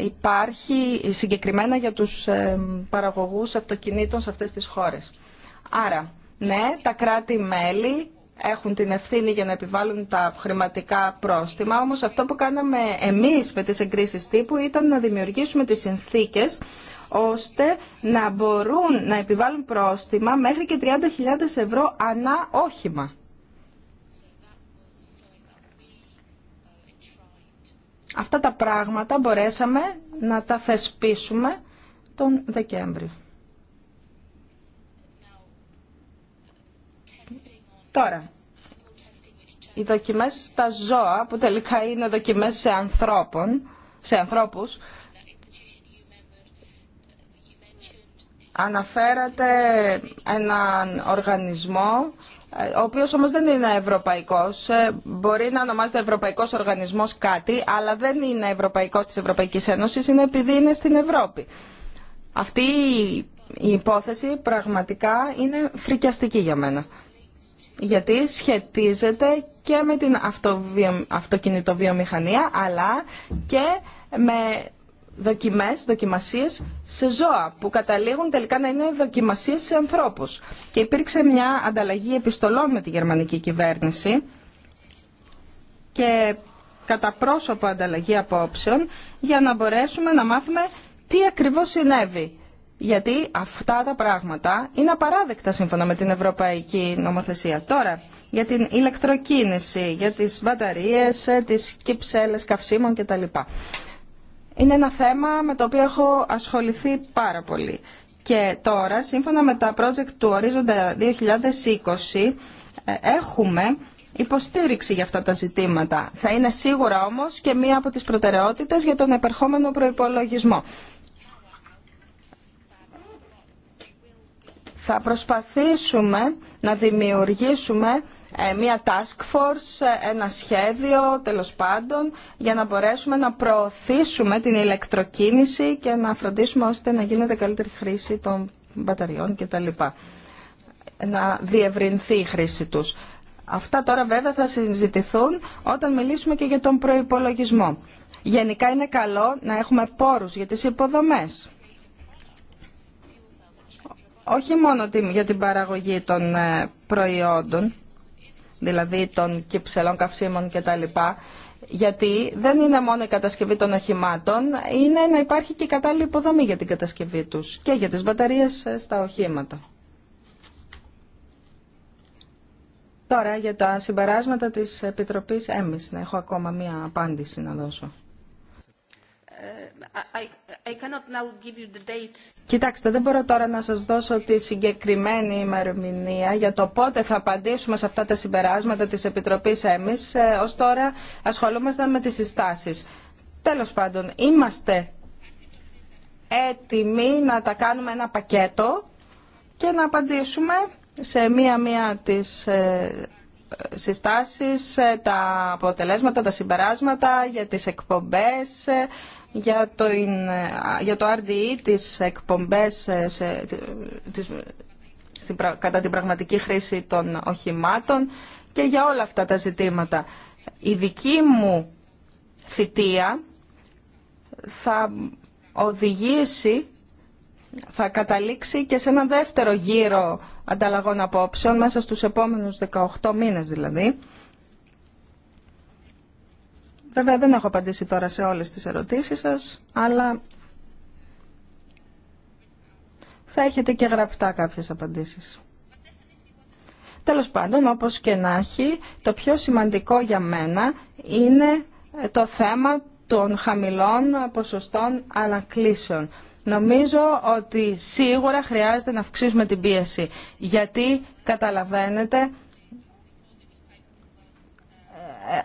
ε, υπάρχει συγκεκριμένα για τους ε, παραγωγούς αυτοκινήτων σε αυτές τις χώρες. Άρα, ναι, τα κράτη-μέλη έχουν την ευθύνη για να επιβάλλουν τα χρηματικά πρόστιμα, όμως αυτό που κάναμε εμείς με τις εγκρίσεις τύπου ήταν να δημιουργήσουμε τις συνθήκες ώστε να μπορούν να επιβάλλουν πρόστιμα μέχρι και 30.000 ευρώ ανά όχημα. Αυτά τα πράγματα μπορέσαμε να τα θεσπίσουμε τον Δεκέμβρη. Τώρα, οι δοκιμές στα ζώα, που τελικά είναι δοκιμές σε ανθρώπων, σε ανθρώπους, αναφέρατε έναν οργανισμό ο οποίος όμως δεν είναι ευρωπαϊκός. Ε, μπορεί να ονομάζεται ευρωπαϊκός οργανισμός κάτι, αλλά δεν είναι ευρωπαϊκός της Ευρωπαϊκής Ένωσης, είναι επειδή είναι στην Ευρώπη. Αυτή η υπόθεση πραγματικά είναι φρικιαστική για μένα γιατί σχετίζεται και με την αυτοκινητοβιομηχανία αλλά και με δοκιμές, δοκιμασίες σε ζώα που καταλήγουν τελικά να είναι δοκιμασίες σε ανθρώπους. Και υπήρξε μια ανταλλαγή επιστολών με τη γερμανική κυβέρνηση και κατά πρόσωπο ανταλλαγή απόψεων για να μπορέσουμε να μάθουμε τι ακριβώς συνέβη γιατί αυτά τα πράγματα είναι απαράδεκτα σύμφωνα με την Ευρωπαϊκή Νομοθεσία. Τώρα, για την ηλεκτροκίνηση, για τις μπαταρίες, ε, τις κυψέλες καυσίμων κτλ. Είναι ένα θέμα με το οποίο έχω ασχοληθεί πάρα πολύ. Και τώρα, σύμφωνα με τα project του Ορίζοντα 2020, ε, έχουμε υποστήριξη για αυτά τα ζητήματα. Θα είναι σίγουρα όμως και μία από τις προτεραιότητες για τον επερχόμενο προϋπολογισμό. θα προσπαθήσουμε να δημιουργήσουμε ε, μια task force, ε, ένα σχέδιο τέλος πάντων για να μπορέσουμε να προωθήσουμε την ηλεκτροκίνηση και να φροντίσουμε ώστε να γίνεται καλύτερη χρήση των μπαταριών κτλ. Να διευρυνθεί η χρήση τους. Αυτά τώρα βέβαια θα συζητηθούν όταν μιλήσουμε και για τον προϋπολογισμό. Γενικά είναι καλό να έχουμε πόρους για τις υποδομές όχι μόνο για την παραγωγή των ε, προϊόντων, δηλαδή των κυψελών καυσίμων κτλ. Γιατί δεν είναι μόνο η κατασκευή των οχημάτων, είναι να υπάρχει και η κατάλληλη υποδομή για την κατασκευή τους και για τις μπαταρίες ε, στα οχήματα. Τώρα για τα συμπεράσματα της Επιτροπής έμις ε, να έχω ακόμα μία απάντηση να δώσω. Κοιτάξτε, δεν μπορώ τώρα να σας δώσω τη συγκεκριμένη ημερομηνία για το πότε θα απαντήσουμε σε αυτά τα συμπεράσματα της Επιτροπής εμείς. Ε, ως τώρα ασχολούμαστε με τις συστάσεις. Τέλος πάντων, είμαστε έτοιμοι να τα κάνουμε ένα πακέτο και να απαντήσουμε σε μία-μία τις ε, συστάσεις, ε, τα αποτελέσματα, τα συμπεράσματα για τις εκπομπές, ε, για το, ε, για το RDE, τις εκπομπές κατά την πραγματική χρήση των οχημάτων και για όλα αυτά τα ζητήματα. Η δική μου θητεία θα οδηγήσει θα καταλήξει και σε ένα δεύτερο γύρο ανταλλαγών απόψεων μέσα στους επόμενους 18 μήνες δηλαδή. Βέβαια δεν έχω απαντήσει τώρα σε όλες τις ερωτήσεις σας, αλλά θα έχετε και γραπτά κάποιες απαντήσεις. Τέλος πάντων, όπως και να έχει, το πιο σημαντικό για μένα είναι το θέμα των χαμηλών ποσοστών ανακλήσεων. Νομίζω ότι σίγουρα χρειάζεται να αυξήσουμε την πίεση, γιατί καταλαβαίνετε ε,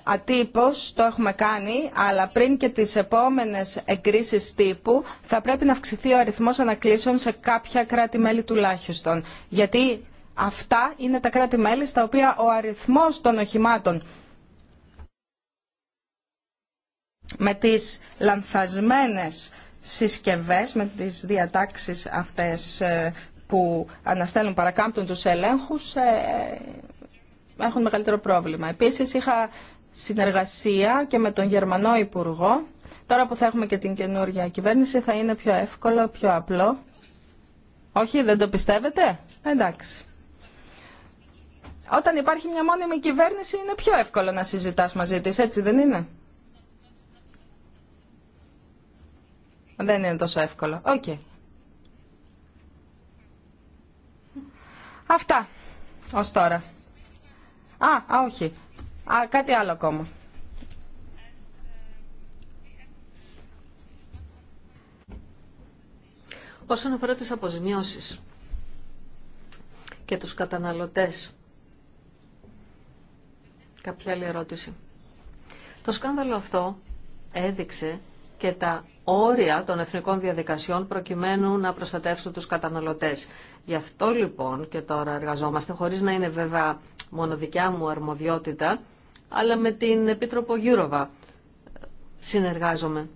ατύπως το έχουμε κάνει, αλλά πριν και τις επόμενες εγκρίσεις τύπου θα πρέπει να αυξηθεί ο αριθμός ανακλήσεων σε κάποια κράτη-μέλη τουλάχιστον. Γιατί αυτά είναι τα κράτη-μέλη στα οποία ο αριθμός των οχημάτων με τις λανθασμένες συσκευές με τις διατάξεις αυτές ε, που αναστέλουν, παρακάμπτουν τους ελέγχους, ε, έχουν μεγαλύτερο πρόβλημα. Επίσης είχα συνεργασία και με τον Γερμανό Υπουργό. Τώρα που θα έχουμε και την καινούργια κυβέρνηση θα είναι πιο εύκολο, πιο απλό. Όχι, δεν το πιστεύετε. Εντάξει. Όταν υπάρχει μια μόνιμη κυβέρνηση είναι πιο εύκολο να συζητάς μαζί της, έτσι δεν είναι. Δεν είναι τόσο εύκολο. Αυτά ως τώρα. Α, α όχι. Α, κάτι άλλο ακόμα. Όσον αφορά τις αποζημιώσεις και τους καταναλωτές, κάποια άλλη ερώτηση. Το σκάνδαλο αυτό έδειξε και τα όρια των εθνικών διαδικασιών προκειμένου να προστατεύσουν τους καταναλωτές. Γι' αυτό λοιπόν και τώρα εργαζόμαστε, χωρίς να είναι βέβαια μόνο δικιά μου αρμοδιότητα, αλλά με την Επίτροπο Γιούροβα ε, συνεργάζομαι.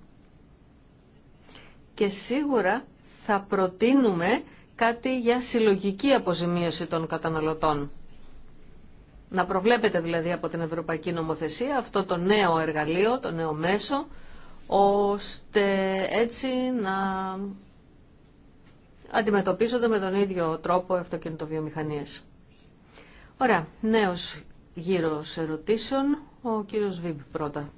Και σίγουρα θα προτείνουμε κάτι για συλλογική αποζημίωση των καταναλωτών. Να προβλέπετε δηλαδή από την Ευρωπαϊκή Νομοθεσία αυτό το νέο εργαλείο, το νέο μέσο, ώστε έτσι να αντιμετωπίζονται με τον ίδιο τρόπο αυτοκινητοβιομηχανίες. Ωραία, νέος γύρος ερωτήσεων, ο κύριος Βίμπ πρώτα.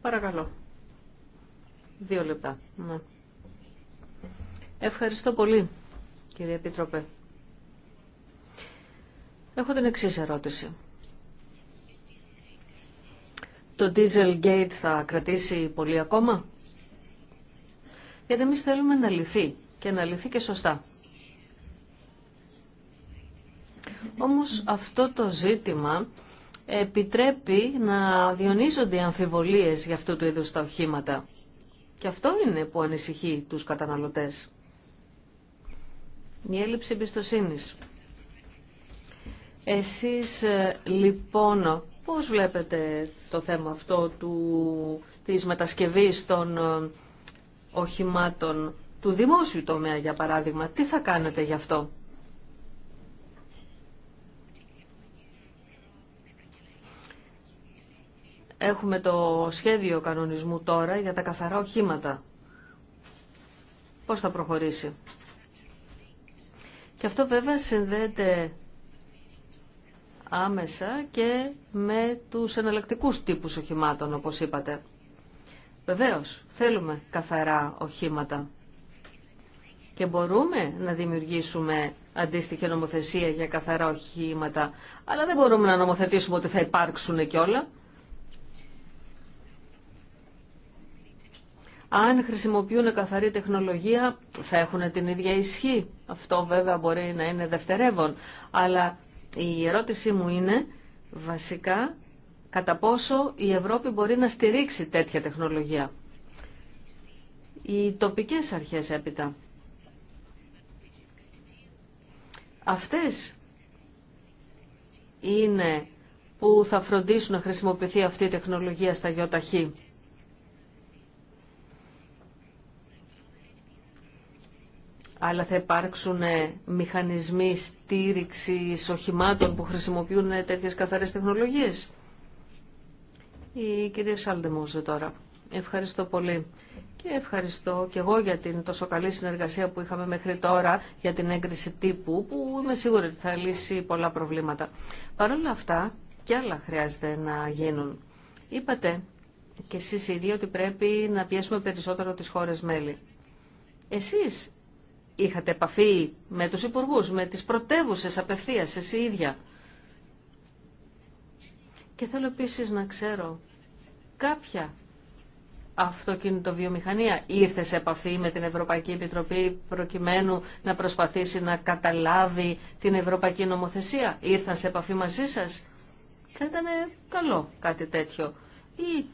Παρακαλώ. Δύο λεπτά. Ναι. Ευχαριστώ πολύ, κύριε Επίτροπε. Έχω την εξής ερώτηση. Το Dieselgate θα κρατήσει πολύ ακόμα. Γιατί εμεί θέλουμε να λυθεί και να λυθεί και σωστά. Όμως αυτό το ζήτημα επιτρέπει να διονύζονται αμφιβολίες για αυτού του είδους τα οχήματα. Και αυτό είναι που ανησυχεί τους καταναλωτές. Η έλλειψη εμπιστοσύνη. Εσείς ε, λοιπόν Πώς βλέπετε το θέμα αυτό του, της μετασκευής των ε, οχημάτων του δημόσιου τομέα, για παράδειγμα. Τι θα κάνετε γι' αυτό. Έχουμε το σχέδιο κανονισμού τώρα για τα καθαρά οχήματα. Πώς θα προχωρήσει. Και αυτό βέβαια συνδέεται άμεσα και με τους εναλλακτικούς τύπους οχημάτων, όπως είπατε. Βεβαίως, θέλουμε καθαρά οχήματα και μπορούμε να δημιουργήσουμε αντίστοιχη νομοθεσία για καθαρά οχήματα, αλλά δεν μπορούμε να νομοθετήσουμε ότι θα υπάρξουν και όλα. Αν χρησιμοποιούν καθαρή τεχνολογία θα έχουν την ίδια ισχύ. Αυτό βέβαια μπορεί να είναι δευτερεύον. Αλλά η ερώτησή μου είναι βασικά κατά πόσο η Ευρώπη μπορεί να στηρίξει τέτοια τεχνολογία. Οι τοπικές αρχές έπειτα. Αυτές είναι που θα φροντίσουν να χρησιμοποιηθεί αυτή η τεχνολογία στα ΙΟΤΑΧΗ. αλλά θα υπάρξουν ε, μηχανισμοί στήριξης οχημάτων που χρησιμοποιούν ε, τέτοιε καθαρές τεχνολογίες. Η κυρία Σάλντεμόζε τώρα. Ευχαριστώ πολύ. Και ευχαριστώ και εγώ για την τόσο καλή συνεργασία που είχαμε μέχρι τώρα για την έγκριση τύπου, που είμαι σίγουρη ότι θα λύσει πολλά προβλήματα. Παρ' όλα αυτά, και άλλα χρειάζεται να γίνουν. Είπατε και εσείς δύο ότι πρέπει να πιέσουμε περισσότερο τις χώρες μέλη. Εσείς Είχατε επαφή με τους υπουργούς, με τις πρωτεύουσες απευθείας, εσύ ίδια. Και θέλω επίσης να ξέρω, κάποια αυτοκινητοβιομηχανία ήρθε σε επαφή με την Ευρωπαϊκή Επιτροπή προκειμένου να προσπαθήσει να καταλάβει την Ευρωπαϊκή Νομοθεσία. Ήρθαν σε επαφή μαζί σας. Θα ήταν καλό κάτι τέτοιο. Ή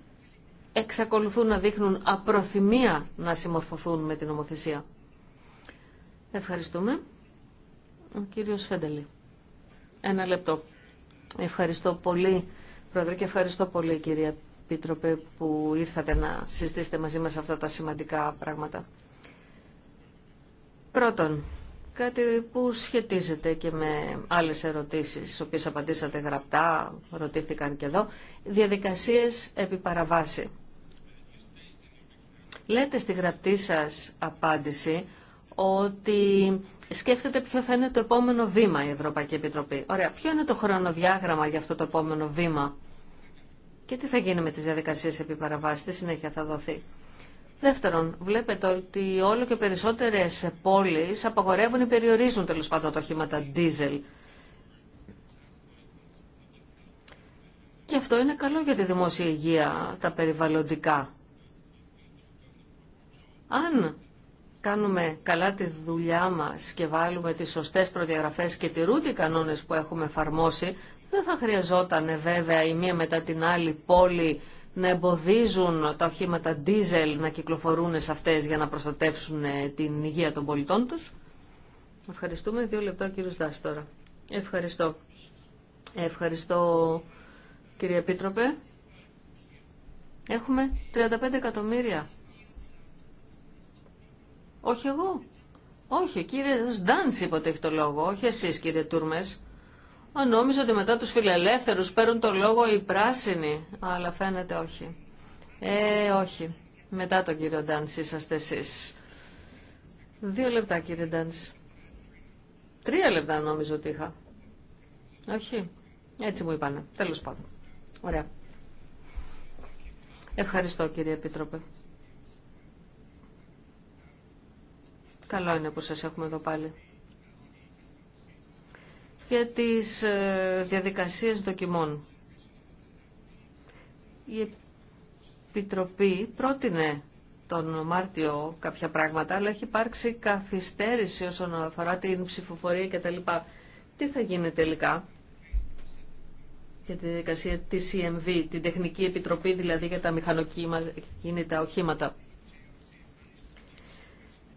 εξακολουθούν να δείχνουν απροθυμία να συμμορφωθούν με την νομοθεσία. Ευχαριστούμε. Ο κύριος Φέντελη. Ένα λεπτό. Ευχαριστώ πολύ, Πρόεδρε, και ευχαριστώ πολύ, κυρία Πίτροπε, που ήρθατε να συζητήσετε μαζί μας αυτά τα σημαντικά πράγματα. Πρώτον, κάτι που σχετίζεται και με άλλες ερωτήσεις, οποίες απαντήσατε γραπτά, ρωτήθηκαν και εδώ, διαδικασίες επί παραβάση. Λέτε στη γραπτή σας απάντηση ότι σκέφτεται ποιο θα είναι το επόμενο βήμα η Ευρωπαϊκή Επιτροπή. Ωραία, ποιο είναι το χρονοδιάγραμμα για αυτό το επόμενο βήμα και τι θα γίνει με τις διαδικασίες επί παραβάση, τι συνέχεια θα δοθεί. Δεύτερον, βλέπετε ότι όλο και περισσότερες πόλεις απαγορεύουν ή περιορίζουν τέλο πάντων τα οχήματα diesel. Και αυτό είναι καλό για τη δημόσια υγεία, τα περιβαλλοντικά. Αν κάνουμε καλά τη δουλειά μας και βάλουμε τις σωστές προδιαγραφές και τηρούνται οι κανόνες που έχουμε εφαρμόσει, δεν θα χρειαζόταν βέβαια η μία μετά την άλλη πόλη να εμποδίζουν τα οχήματα ντίζελ να κυκλοφορούν σε αυτές για να προστατεύσουν ε, την υγεία των πολιτών τους. Ευχαριστούμε. Δύο λεπτά κύριος τώρα. Ευχαριστώ. Ευχαριστώ κύριε Επίτροπε. Έχουμε 35 εκατομμύρια όχι εγώ. Όχι, κύριε Σντάν, είπατε έχει το λόγο, όχι εσείς κύριε Τούρμες. Αν νόμιζα ότι μετά τους φιλελεύθερου παίρνουν το λόγο οι πράσινοι, αλλά φαίνεται όχι. Ε, όχι. Μετά τον κύριο Ντάν είσαστε εσείς. Δύο λεπτά κύριε Ντάν. Τρία λεπτά νόμιζα ότι είχα. Όχι. Έτσι μου είπανε. Τέλο πάντων. Ωραία. Ευχαριστώ κύριε Επίτροπε. Καλό είναι που σας έχουμε εδώ πάλι. Για τις ε, διαδικασίες δοκιμών. Η Επιτροπή πρότεινε τον Μάρτιο κάποια πράγματα, αλλά έχει υπάρξει καθυστέρηση όσον αφορά την ψηφοφορία κτλ. Τι θα γίνει τελικά για τη διαδικασία της CMV, e την Τεχνική Επιτροπή δηλαδή για τα μηχανοκίνητα οχήματα.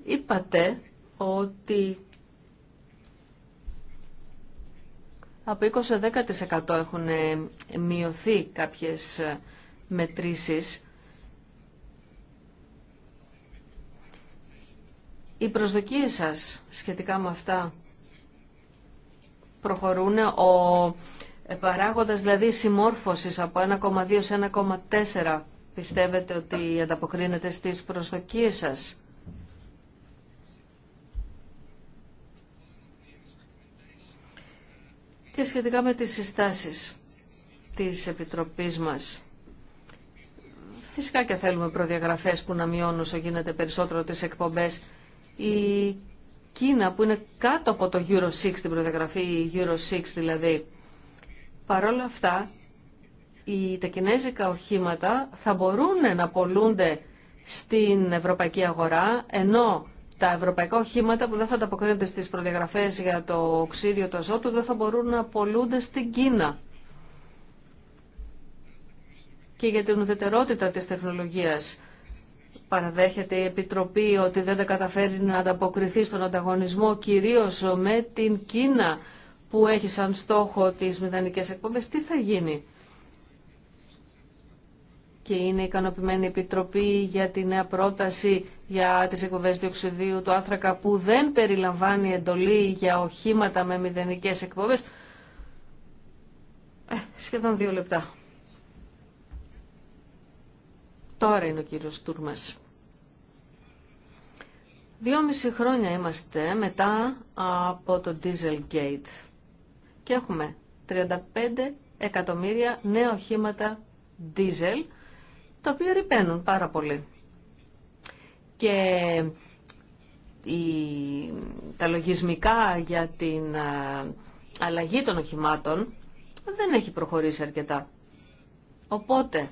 Είπατε ότι από 20-10% έχουν μειωθεί κάποιες μετρήσεις. Οι προσδοκίες σας σχετικά με αυτά προχωρούν. Ο παράγοντας δηλαδή συμμόρφωσης από 1,2 σε 1,4 πιστεύετε ότι ανταποκρίνεται στις προσδοκίες σας. και σχετικά με τις συστάσεις της Επιτροπής μας. Φυσικά και θέλουμε προδιαγραφές που να μειώνουν όσο γίνεται περισσότερο τις εκπομπές. Η Κίνα που είναι κάτω από το Euro 6, την προδιαγραφή Euro 6 δηλαδή, παρόλα αυτά οι, τα κινέζικα οχήματα θα μπορούν να πολλούνται στην ευρωπαϊκή αγορά, ενώ τα ευρωπαϊκά οχήματα που δεν θα ανταποκρίνονται στις προδιαγραφές για το οξύδιο του αζότου δεν θα μπορούν να πολλούνται στην Κίνα. Και για την ουδετερότητα της τεχνολογίας παραδέχεται η Επιτροπή ότι δεν τα καταφέρει να ανταποκριθεί στον ανταγωνισμό κυρίως με την Κίνα που έχει σαν στόχο τις μηδανικές εκπομπές. Τι θα γίνει και είναι ικανοποιημένη η Επιτροπή για τη νέα πρόταση για τις εκπομπές του του άνθρακα που δεν περιλαμβάνει εντολή για οχήματα με μηδενικές εκπομπές. Ε, σχεδόν δύο λεπτά. Τώρα είναι ο κύριος Τούρμας. Δυόμιση χρόνια είμαστε μετά από το Dieselgate και έχουμε 35 εκατομμύρια νέα οχήματα diesel τα οποία ρηπαίνουν πάρα πολύ. Και η, τα λογισμικά για την αλλαγή των οχημάτων δεν έχει προχωρήσει αρκετά. Οπότε,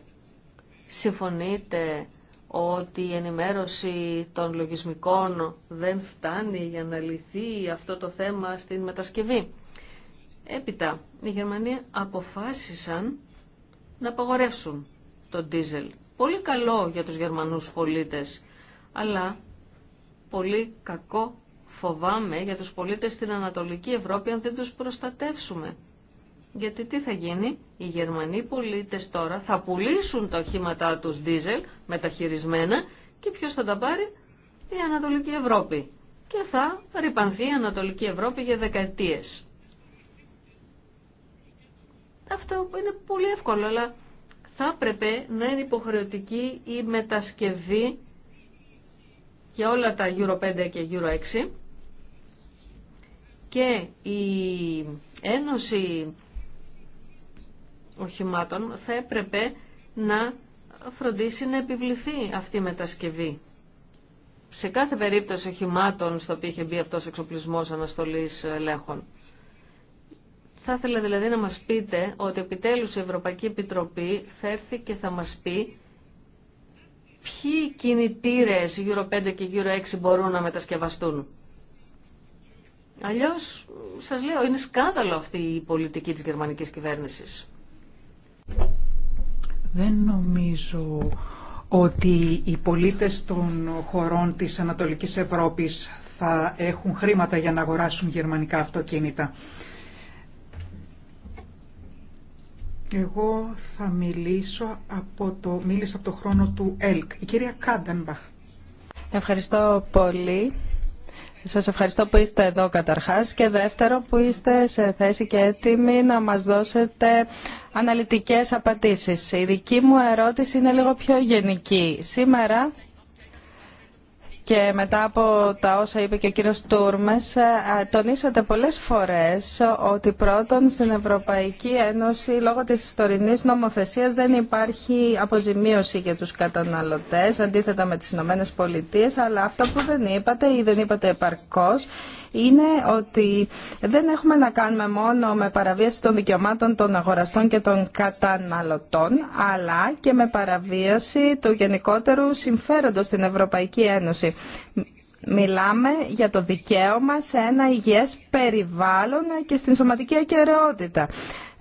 συμφωνείτε ότι η ενημέρωση των λογισμικών δεν φτάνει για να λυθεί αυτό το θέμα στην μετασκευή. Έπειτα, οι Γερμανοί αποφάσισαν να απαγορεύσουν το ντίζελ. Πολύ καλό για τους Γερμανούς πολίτες, αλλά πολύ κακό φοβάμαι για τους πολίτες στην Ανατολική Ευρώπη αν δεν τους προστατεύσουμε. Γιατί τι θα γίνει, οι Γερμανοί πολίτες τώρα θα πουλήσουν τα οχήματά τους ντίζελ μεταχειρισμένα και ποιος θα τα πάρει, η Ανατολική Ευρώπη. Και θα ρηπανθεί η Ανατολική Ευρώπη για δεκαετίες. Αυτό είναι πολύ εύκολο, αλλά θα έπρεπε να είναι υποχρεωτική η μετασκευή για όλα τα Euro 5 και Euro 6 και η Ένωση Οχημάτων θα έπρεπε να φροντίσει να επιβληθεί αυτή η μετασκευή. Σε κάθε περίπτωση οχημάτων στο οποίο είχε μπει αυτός ο εξοπλισμός αναστολής ελέγχων. Θα ήθελα δηλαδή να μας πείτε ότι επιτέλους η Ευρωπαϊκή Επιτροπή θα έρθει και θα μας πει ποιοι κινητήρες Euro 5 και Euro 6 μπορούν να μετασκευαστούν. Αλλιώς, σας λέω, είναι σκάνδαλο αυτή η πολιτική της γερμανικής κυβέρνησης. Δεν νομίζω ότι οι πολίτες των χωρών της Ανατολικής Ευρώπης θα έχουν χρήματα για να αγοράσουν γερμανικά αυτοκίνητα. Εγώ θα μιλήσω από το, μίλησα από το χρόνο του ΕΛΚ. Η κυρία Κάντεμπαχ. Ευχαριστώ πολύ. Σας ευχαριστώ που είστε εδώ καταρχάς και δεύτερο που είστε σε θέση και έτοιμοι να μας δώσετε αναλυτικές απαντήσεις. Η δική μου ερώτηση είναι λίγο πιο γενική. Σήμερα και μετά από τα όσα είπε και ο κύριος Τούρμες, τονίσατε πολλές φορές ότι πρώτον στην Ευρωπαϊκή Ένωση λόγω της ιστορινής νομοθεσίας δεν υπάρχει αποζημίωση για τους καταναλωτές, αντίθετα με τις Ηνωμένε Πολιτείες, αλλά αυτό που δεν είπατε ή δεν είπατε επαρκώς είναι ότι δεν έχουμε να κάνουμε μόνο με παραβίαση των δικαιωμάτων των αγοραστών και των καταναλωτών, αλλά και με παραβίαση του γενικότερου συμφέροντος στην Ευρωπαϊκή Ένωση. Μιλάμε για το δικαίωμα σε ένα υγιές περιβάλλον και στην σωματική ακαιρεότητα.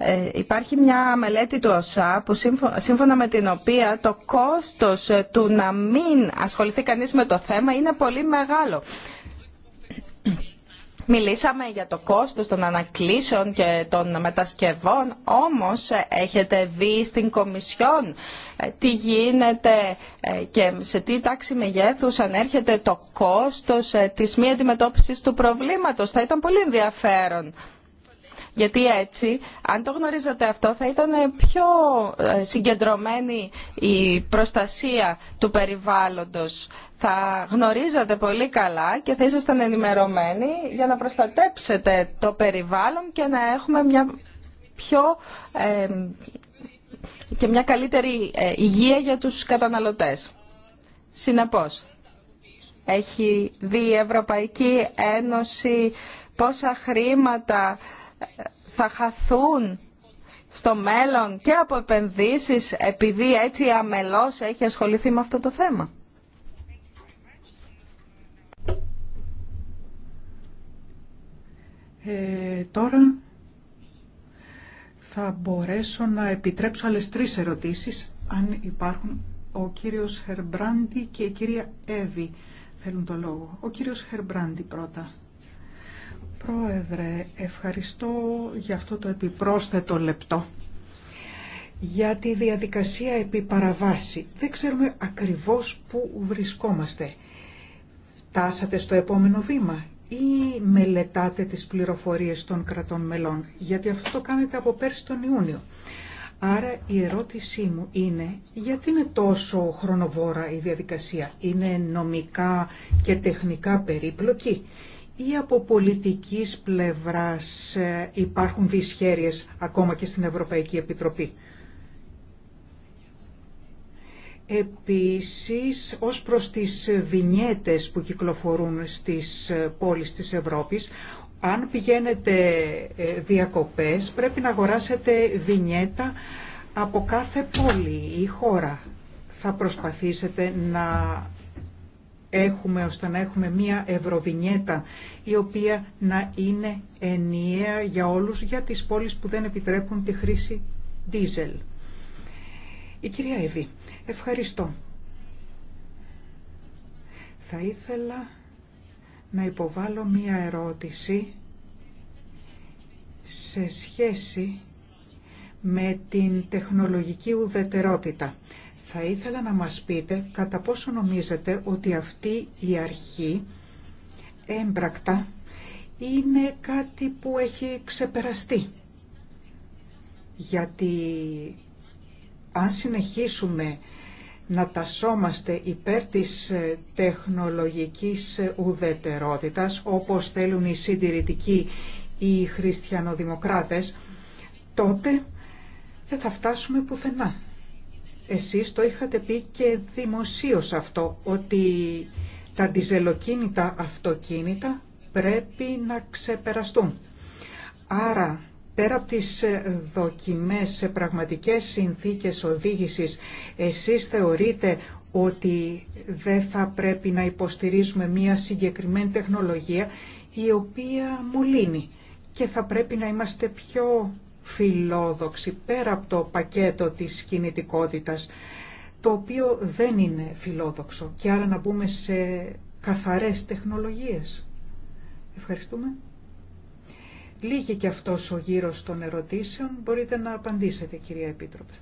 Ε, υπάρχει μια μελέτη του ΩΣΑ που σύμφωνα με την οποία το κόστος ε, του να μην ασχοληθεί κανείς με το θέμα είναι πολύ μεγάλο. Μιλήσαμε για το κόστος των ανακλήσεων και των μετασκευών, όμως ε, έχετε δει στην Κομισιόν ε, τι γίνεται ε, και σε τι τάξη μεγέθους ανέρχεται το κόστος της μη αντιμετώπισης του προβλήματος. Θα ήταν πολύ ενδιαφέρον. Γιατί έτσι, αν το γνωρίζατε αυτό, θα ήταν πιο συγκεντρωμένη η προστασία του περιβάλλοντος θα γνωρίζατε πολύ καλά και θα ήσασταν ενημερωμένοι για να προστατέψετε το περιβάλλον και να έχουμε μια πιο και μια καλύτερη ε, υγεία για τους καταναλωτές. Συνεπώς, έχει δει η Ευρωπαϊκή Ένωση πόσα χρήματα ε, θα χαθούν στο μέλλον και από επενδύσεις επειδή έτσι αμελώς έχει ασχοληθεί με αυτό το θέμα. Ε, τώρα θα μπορέσω να επιτρέψω άλλες τρεις ερωτήσεις, αν υπάρχουν. Ο κύριος Χερμπράντι και η κυρία Εύη θέλουν το λόγο. Ο κύριος Χερμπράντι πρώτα. Πρόεδρε, ευχαριστώ για αυτό το επιπρόσθετο λεπτό. Για τη διαδικασία επί παραβάση. Δεν ξέρουμε ακριβώς πού βρισκόμαστε. Φτάσατε στο επόμενο βήμα ή μελετάτε τις πληροφορίες των κρατών μελών, γιατί αυτό το κάνετε από πέρσι τον Ιούνιο. Άρα η ερώτησή μου είναι γιατί είναι τόσο χρονοβόρα η διαδικασία. Είναι νομικά και τεχνικά περίπλοκη ή από πολιτικής πλευράς ε, υπάρχουν δυσχέρειες ακόμα και στην Ευρωπαϊκή Επιτροπή. Επίσης, ως προς τις βινιέτες που κυκλοφορούν στις πόλεις της Ευρώπης, αν πηγαίνετε ε, διακοπές πρέπει να αγοράσετε βινιέτα από κάθε πόλη ή χώρα. Θα προσπαθήσετε να έχουμε ώστε να έχουμε μία ευρωβινιέτα η οποία να είναι ενιαία για όλους για τις πόλεις που δεν επιτρέπουν τη χρήση δίζελ. Η κυρία Εύη, ευχαριστώ. Θα ήθελα να υποβάλω μία ερώτηση σε σχέση με την τεχνολογική ουδετερότητα. Θα ήθελα να μας πείτε κατά πόσο νομίζετε ότι αυτή η αρχή έμπρακτα είναι κάτι που έχει ξεπεραστεί. Γιατί αν συνεχίσουμε να τασόμαστε υπέρ της ε, τεχνολογικής ε, ουδετερότητας, όπως θέλουν οι συντηρητικοί οι χριστιανοδημοκράτες, τότε δεν θα φτάσουμε πουθενά. Εσείς το είχατε πει και δημοσίως αυτό, ότι τα διζελοκίνητα αυτοκίνητα πρέπει να ξεπεραστούν. Άρα Πέρα από τις ε, δοκιμές σε πραγματικές συνθήκες οδήγησης, εσείς θεωρείτε ότι δεν θα πρέπει να υποστηρίζουμε μία συγκεκριμένη τεχνολογία η οποία μολύνει και θα πρέπει να είμαστε πιο φιλόδοξοι πέρα από το πακέτο της κινητικότητας το οποίο δεν είναι φιλόδοξο και άρα να μπούμε σε καθαρές τεχνολογίες. Ευχαριστούμε. Λίγη και αυτός ο γύρος των ερωτήσεων. Μπορείτε να απαντήσετε, κυρία Επίτροπε.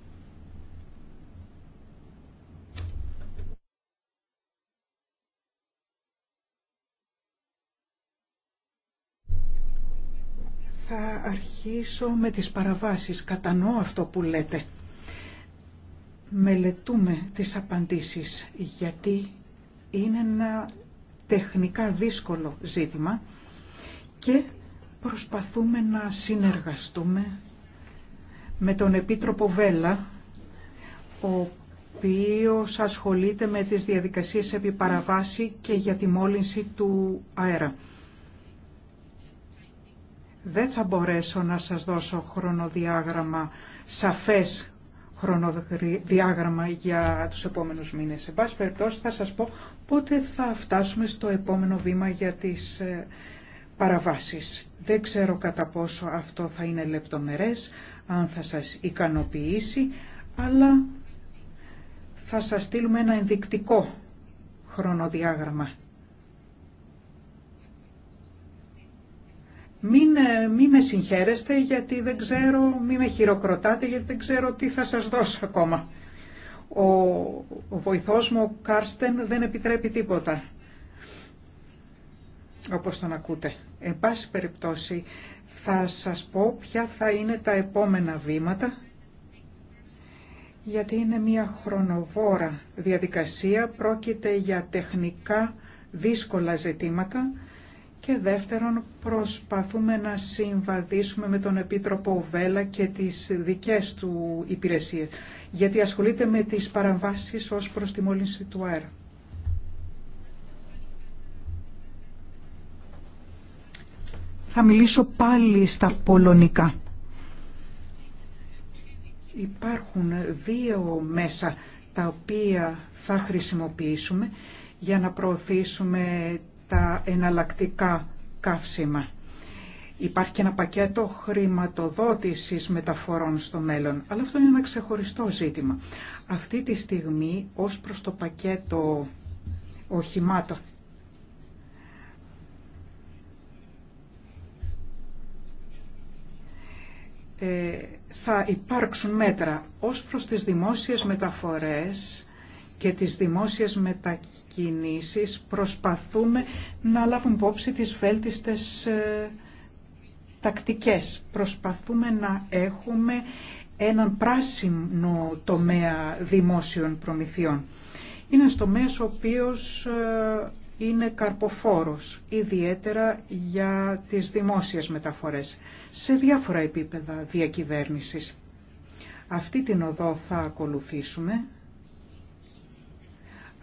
Θα αρχίσω με τις παραβάσεις. Κατανοώ αυτό που λέτε. Μελετούμε τις απαντήσεις, γιατί είναι ένα τεχνικά δύσκολο ζήτημα και Προσπαθούμε να συνεργαστούμε με τον Επίτροπο Βέλα, ο οποίος ασχολείται με τις διαδικασίες επί παραβάση και για τη μόλυνση του αέρα. Δεν θα μπορέσω να σας δώσω χρονοδιάγραμμα, σαφές χρονοδιάγραμμα για τους επόμενους μήνες. Σε πάση περιπτώσει θα σας πω πότε θα φτάσουμε στο επόμενο βήμα για τις ε, παραβάσεις. Δεν ξέρω κατά πόσο αυτό θα είναι λεπτομερές, αν θα σας ικανοποιήσει, αλλά θα σας στείλουμε ένα ενδεικτικό χρονοδιάγραμμα. Μην, ε, μην με συγχαίρεστε γιατί δεν ξέρω, μην με χειροκροτάτε γιατί δεν ξέρω τι θα σας δώσω ακόμα. Ο, ο βοηθός μου, ο Κάρστεν, δεν επιτρέπει τίποτα όπως τον ακούτε. Εν πάση περιπτώσει θα σας πω ποια θα είναι τα επόμενα βήματα γιατί είναι μια χρονοβόρα διαδικασία, πρόκειται για τεχνικά δύσκολα ζητήματα και δεύτερον προσπαθούμε να συμβαδίσουμε με τον Επίτροπο Βέλα και τις δικές του υπηρεσίες γιατί ασχολείται με τις παραμβάσεις ως προς τη μόλυνση του αέρα. Θα μιλήσω πάλι στα πολωνικά. Υπάρχουν δύο μέσα τα οποία θα χρησιμοποιήσουμε για να προωθήσουμε τα εναλλακτικά καύσιμα. Υπάρχει και ένα πακέτο χρηματοδότησης μεταφορών στο μέλλον, αλλά αυτό είναι ένα ξεχωριστό ζήτημα. Αυτή τη στιγμή, ως προς το πακέτο οχημάτων, Ε, θα υπάρξουν μέτρα ως προς τις δημόσιες μεταφορές και τις δημόσιες μετακινήσεις προσπαθούμε να λάβουν υπόψη τις βέλτιστες ε, τακτικές. Προσπαθούμε να έχουμε έναν πράσινο τομέα δημόσιων προμηθειών. Είναι στο μέσο ο οποίος ε, είναι καρποφόρος, ιδιαίτερα για τις δημόσιες μεταφορές, σε διάφορα επίπεδα διακυβέρνησης. Αυτή την οδό θα ακολουθήσουμε,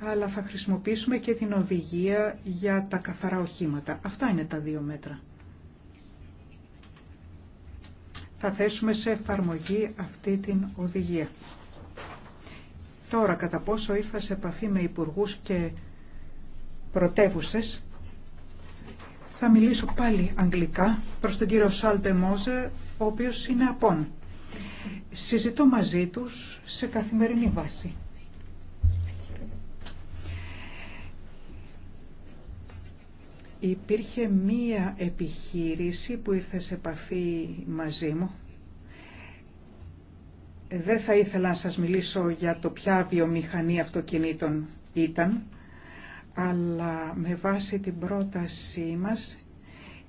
αλλά θα χρησιμοποιήσουμε και την οδηγία για τα καθαρά οχήματα. Αυτά είναι τα δύο μέτρα. Θα θέσουμε σε εφαρμογή αυτή την οδηγία. Τώρα, κατά πόσο ήρθα σε επαφή με υπουργούς και πρωτεύουσες. Θα μιλήσω πάλι αγγλικά προς τον κύριο Σάλτε Μόζε, ο οποίος είναι απόν. Συζητώ μαζί τους σε καθημερινή βάση. Υπήρχε μία επιχείρηση που ήρθε σε επαφή μαζί μου. Δεν θα ήθελα να σας μιλήσω για το ποια βιομηχανία αυτοκινήτων ήταν, αλλά με βάση την πρότασή μας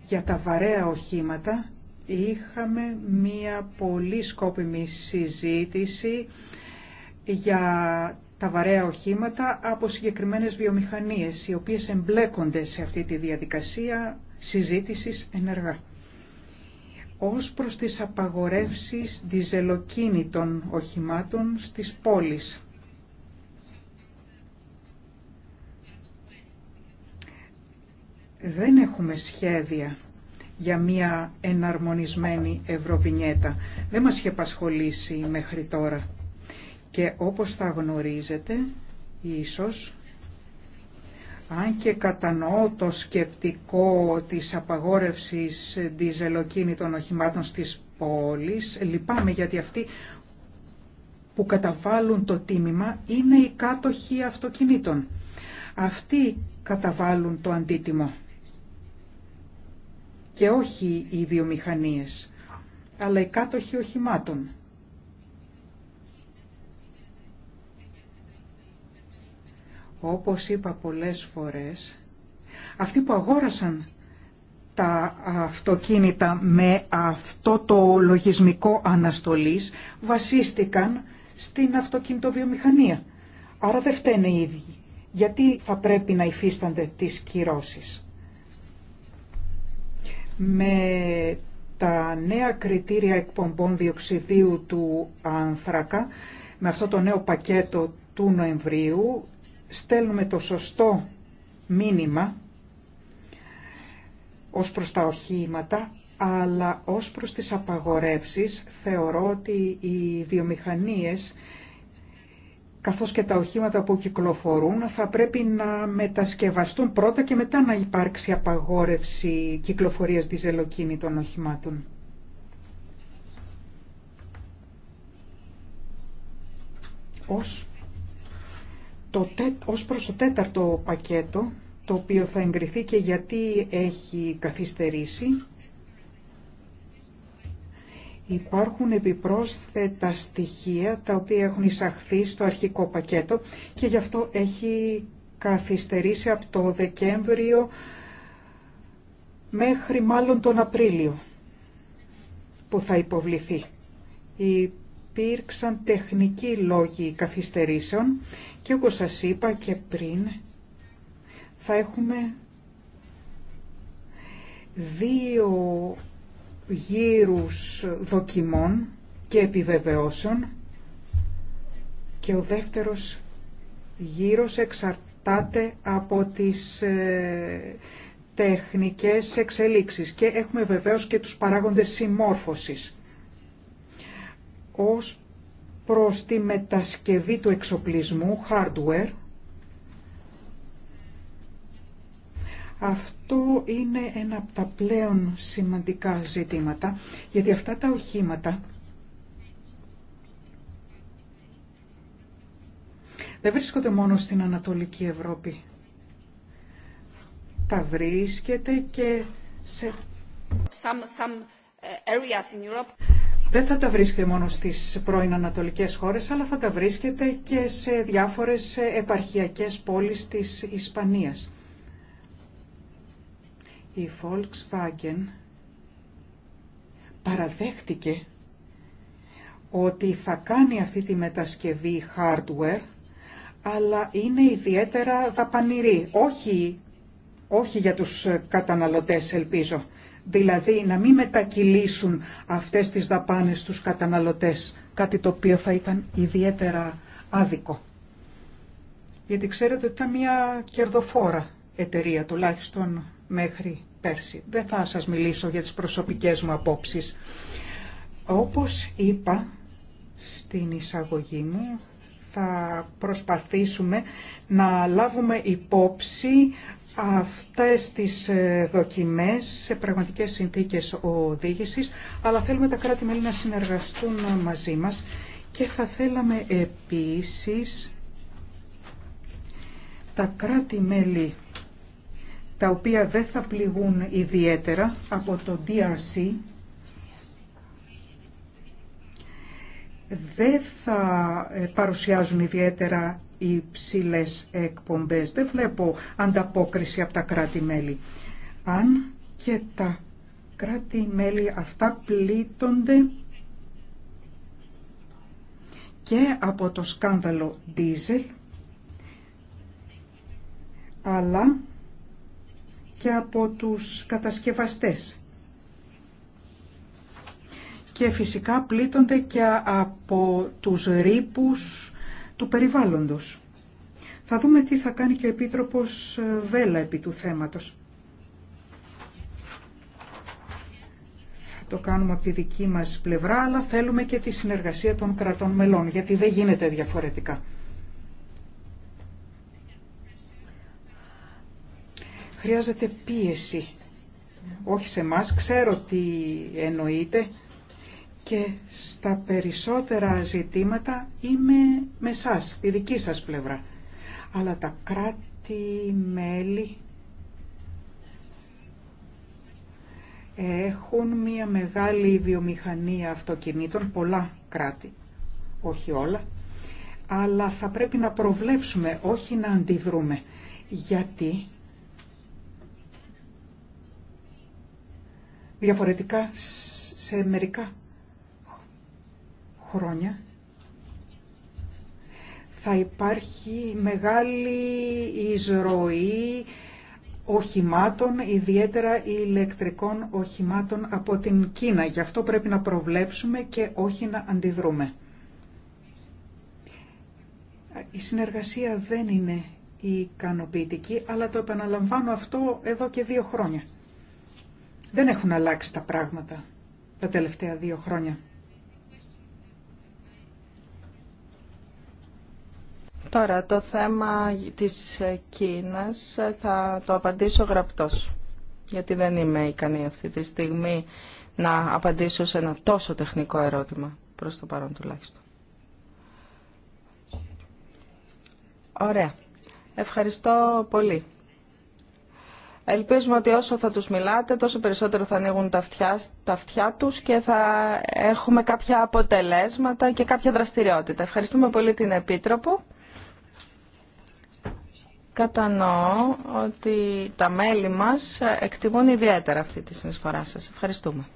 για τα βαρέα οχήματα είχαμε μία πολύ σκόπιμη συζήτηση για τα βαρέα οχήματα από συγκεκριμένες βιομηχανίες οι οποίες εμπλέκονται σε αυτή τη διαδικασία συζήτησης ενεργά. Ως προς τις απαγορεύσεις διζελοκίνητων οχημάτων στις πόλεις δεν έχουμε σχέδια για μια εναρμονισμένη ευρωβινιέτα. Δεν μας είχε απασχολήσει μέχρι τώρα. Και όπως θα γνωρίζετε, ίσως, αν και κατανοώ το σκεπτικό της απαγόρευσης διζελοκίνητων οχημάτων στις πόλεις, λυπάμαι γιατί αυτοί που καταβάλουν το τίμημα είναι οι κάτοχοι αυτοκινήτων. Αυτοί καταβάλουν το αντίτιμο και όχι οι βιομηχανίες, αλλά οι κάτοχοι οχημάτων. Όπως είπα πολλές φορές, αυτοί που αγόρασαν τα αυτοκίνητα με αυτό το λογισμικό αναστολής βασίστηκαν στην αυτοκινητοβιομηχανία. Άρα δεν φταίνε οι ίδιοι. Γιατί θα πρέπει να υφίστανται τις κυρώσεις με τα νέα κριτήρια εκπομπών διοξιδίου του άνθρακα, με αυτό το νέο πακέτο του Νοεμβρίου, στέλνουμε το σωστό μήνυμα ως προς τα οχήματα, αλλά ως προς τις απαγορεύσεις θεωρώ ότι οι βιομηχανίες καθώς και τα οχήματα που κυκλοφορούν θα πρέπει να μετασκευαστούν πρώτα και μετά να υπάρξει απαγόρευση κυκλοφορίας διζελοκίνητων οχημάτων. Ως, το, ως προς το τέταρτο πακέτο, το οποίο θα εγκριθεί και γιατί έχει καθυστερήσει, Υπάρχουν επιπρόσθετα στοιχεία τα οποία έχουν εισαχθεί στο αρχικό πακέτο και γι' αυτό έχει καθυστερήσει από το Δεκέμβριο μέχρι μάλλον τον Απρίλιο που θα υποβληθεί. Υπήρξαν τεχνικοί λόγοι καθυστερήσεων και όπως σας είπα και πριν θα έχουμε δύο γύρους δοκιμών και επιβεβαιώσεων και ο δεύτερος γύρος εξαρτάται από τις ε, τεχνικές εξελίξεις και έχουμε βεβαίως και τους παράγοντες συμμόρφωσης. Ως προς τη μετασκευή του εξοπλισμού, hardware, Αυτό είναι ένα από τα πλέον σημαντικά ζητήματα, γιατί αυτά τα οχήματα δεν βρίσκονται μόνο στην Ανατολική Ευρώπη. Τα βρίσκεται και σε... Some, ε, areas in Europe. Δεν θα τα βρίσκεται μόνο στις πρώην ανατολικές χώρες, αλλά θα τα βρίσκεται και σε διάφορες ε, επαρχιακές πόλεις της Ισπανίας η Volkswagen παραδέχτηκε ότι θα κάνει αυτή τη μετασκευή hardware, αλλά είναι ιδιαίτερα δαπανηρή. Όχι, όχι για τους καταναλωτές, ελπίζω. Δηλαδή, να μην μετακυλήσουν αυτές τις δαπάνες στους καταναλωτές, κάτι το οποίο θα ήταν ιδιαίτερα άδικο. Γιατί ξέρετε ότι ήταν μια κερδοφόρα εταιρεία, τουλάχιστον μέχρι πέρσι. Δεν θα σας μιλήσω για τις προσωπικές μου απόψεις. Όπως είπα στην εισαγωγή μου, θα προσπαθήσουμε να λάβουμε υπόψη αυτές τις ε, δοκιμές σε πραγματικές συνθήκες οδήγησης, αλλά θέλουμε τα κράτη-μέλη να συνεργαστούν μαζί μας και θα θέλαμε επίσης τα κράτη-μέλη τα οποία δεν θα πληγούν ιδιαίτερα από το DRC, δεν θα ε, παρουσιάζουν ιδιαίτερα υψηλές εκπομπές. Δεν βλέπω ανταπόκριση από τα κράτη-μέλη. Αν και τα κράτη-μέλη αυτά πλήττονται και από το σκάνδαλο Diesel, αλλά και από τους κατασκευαστές. Και φυσικά πλήττονται και από τους ρήπους του περιβάλλοντος. Θα δούμε τι θα κάνει και ο Επίτροπος Βέλα επί του θέματος. Θα το κάνουμε από τη δική μας πλευρά, αλλά θέλουμε και τη συνεργασία των κρατών μελών, γιατί δεν γίνεται διαφορετικά. χρειάζεται πίεση. Όχι σε μας, ξέρω τι εννοείται και στα περισσότερα ζητήματα είμαι με σας, στη δική σας πλευρά. Αλλά τα κράτη-μέλη έχουν μια μεγάλη βιομηχανία αυτοκινήτων, πολλά κράτη, όχι όλα, αλλά θα πρέπει να προβλέψουμε, όχι να αντιδρούμε, γιατί Διαφορετικά σε μερικά χρόνια θα υπάρχει μεγάλη εισρωή οχημάτων, ιδιαίτερα ηλεκτρικών οχημάτων από την Κίνα. Γι' αυτό πρέπει να προβλέψουμε και όχι να αντιδρούμε. Η συνεργασία δεν είναι ικανοποιητική, αλλά το επαναλαμβάνω αυτό εδώ και δύο χρόνια. Δεν έχουν αλλάξει τα πράγματα τα τελευταία δύο χρόνια. Τώρα το θέμα της Κίνας θα το απαντήσω γραπτός, γιατί δεν είμαι ικανή αυτή τη στιγμή να απαντήσω σε ένα τόσο τεχνικό ερώτημα, προς το παρόν τουλάχιστον. Ωραία. Ευχαριστώ πολύ. Ελπίζουμε ότι όσο θα τους μιλάτε, τόσο περισσότερο θα ανοίγουν τα αυτιά, τα αυτιά τους και θα έχουμε κάποια αποτελέσματα και κάποια δραστηριότητα. Ευχαριστούμε πολύ την Επίτροπο. Κατανοώ ότι τα μέλη μας εκτιμούν ιδιαίτερα αυτή τη συνεισφορά σας. Ευχαριστούμε.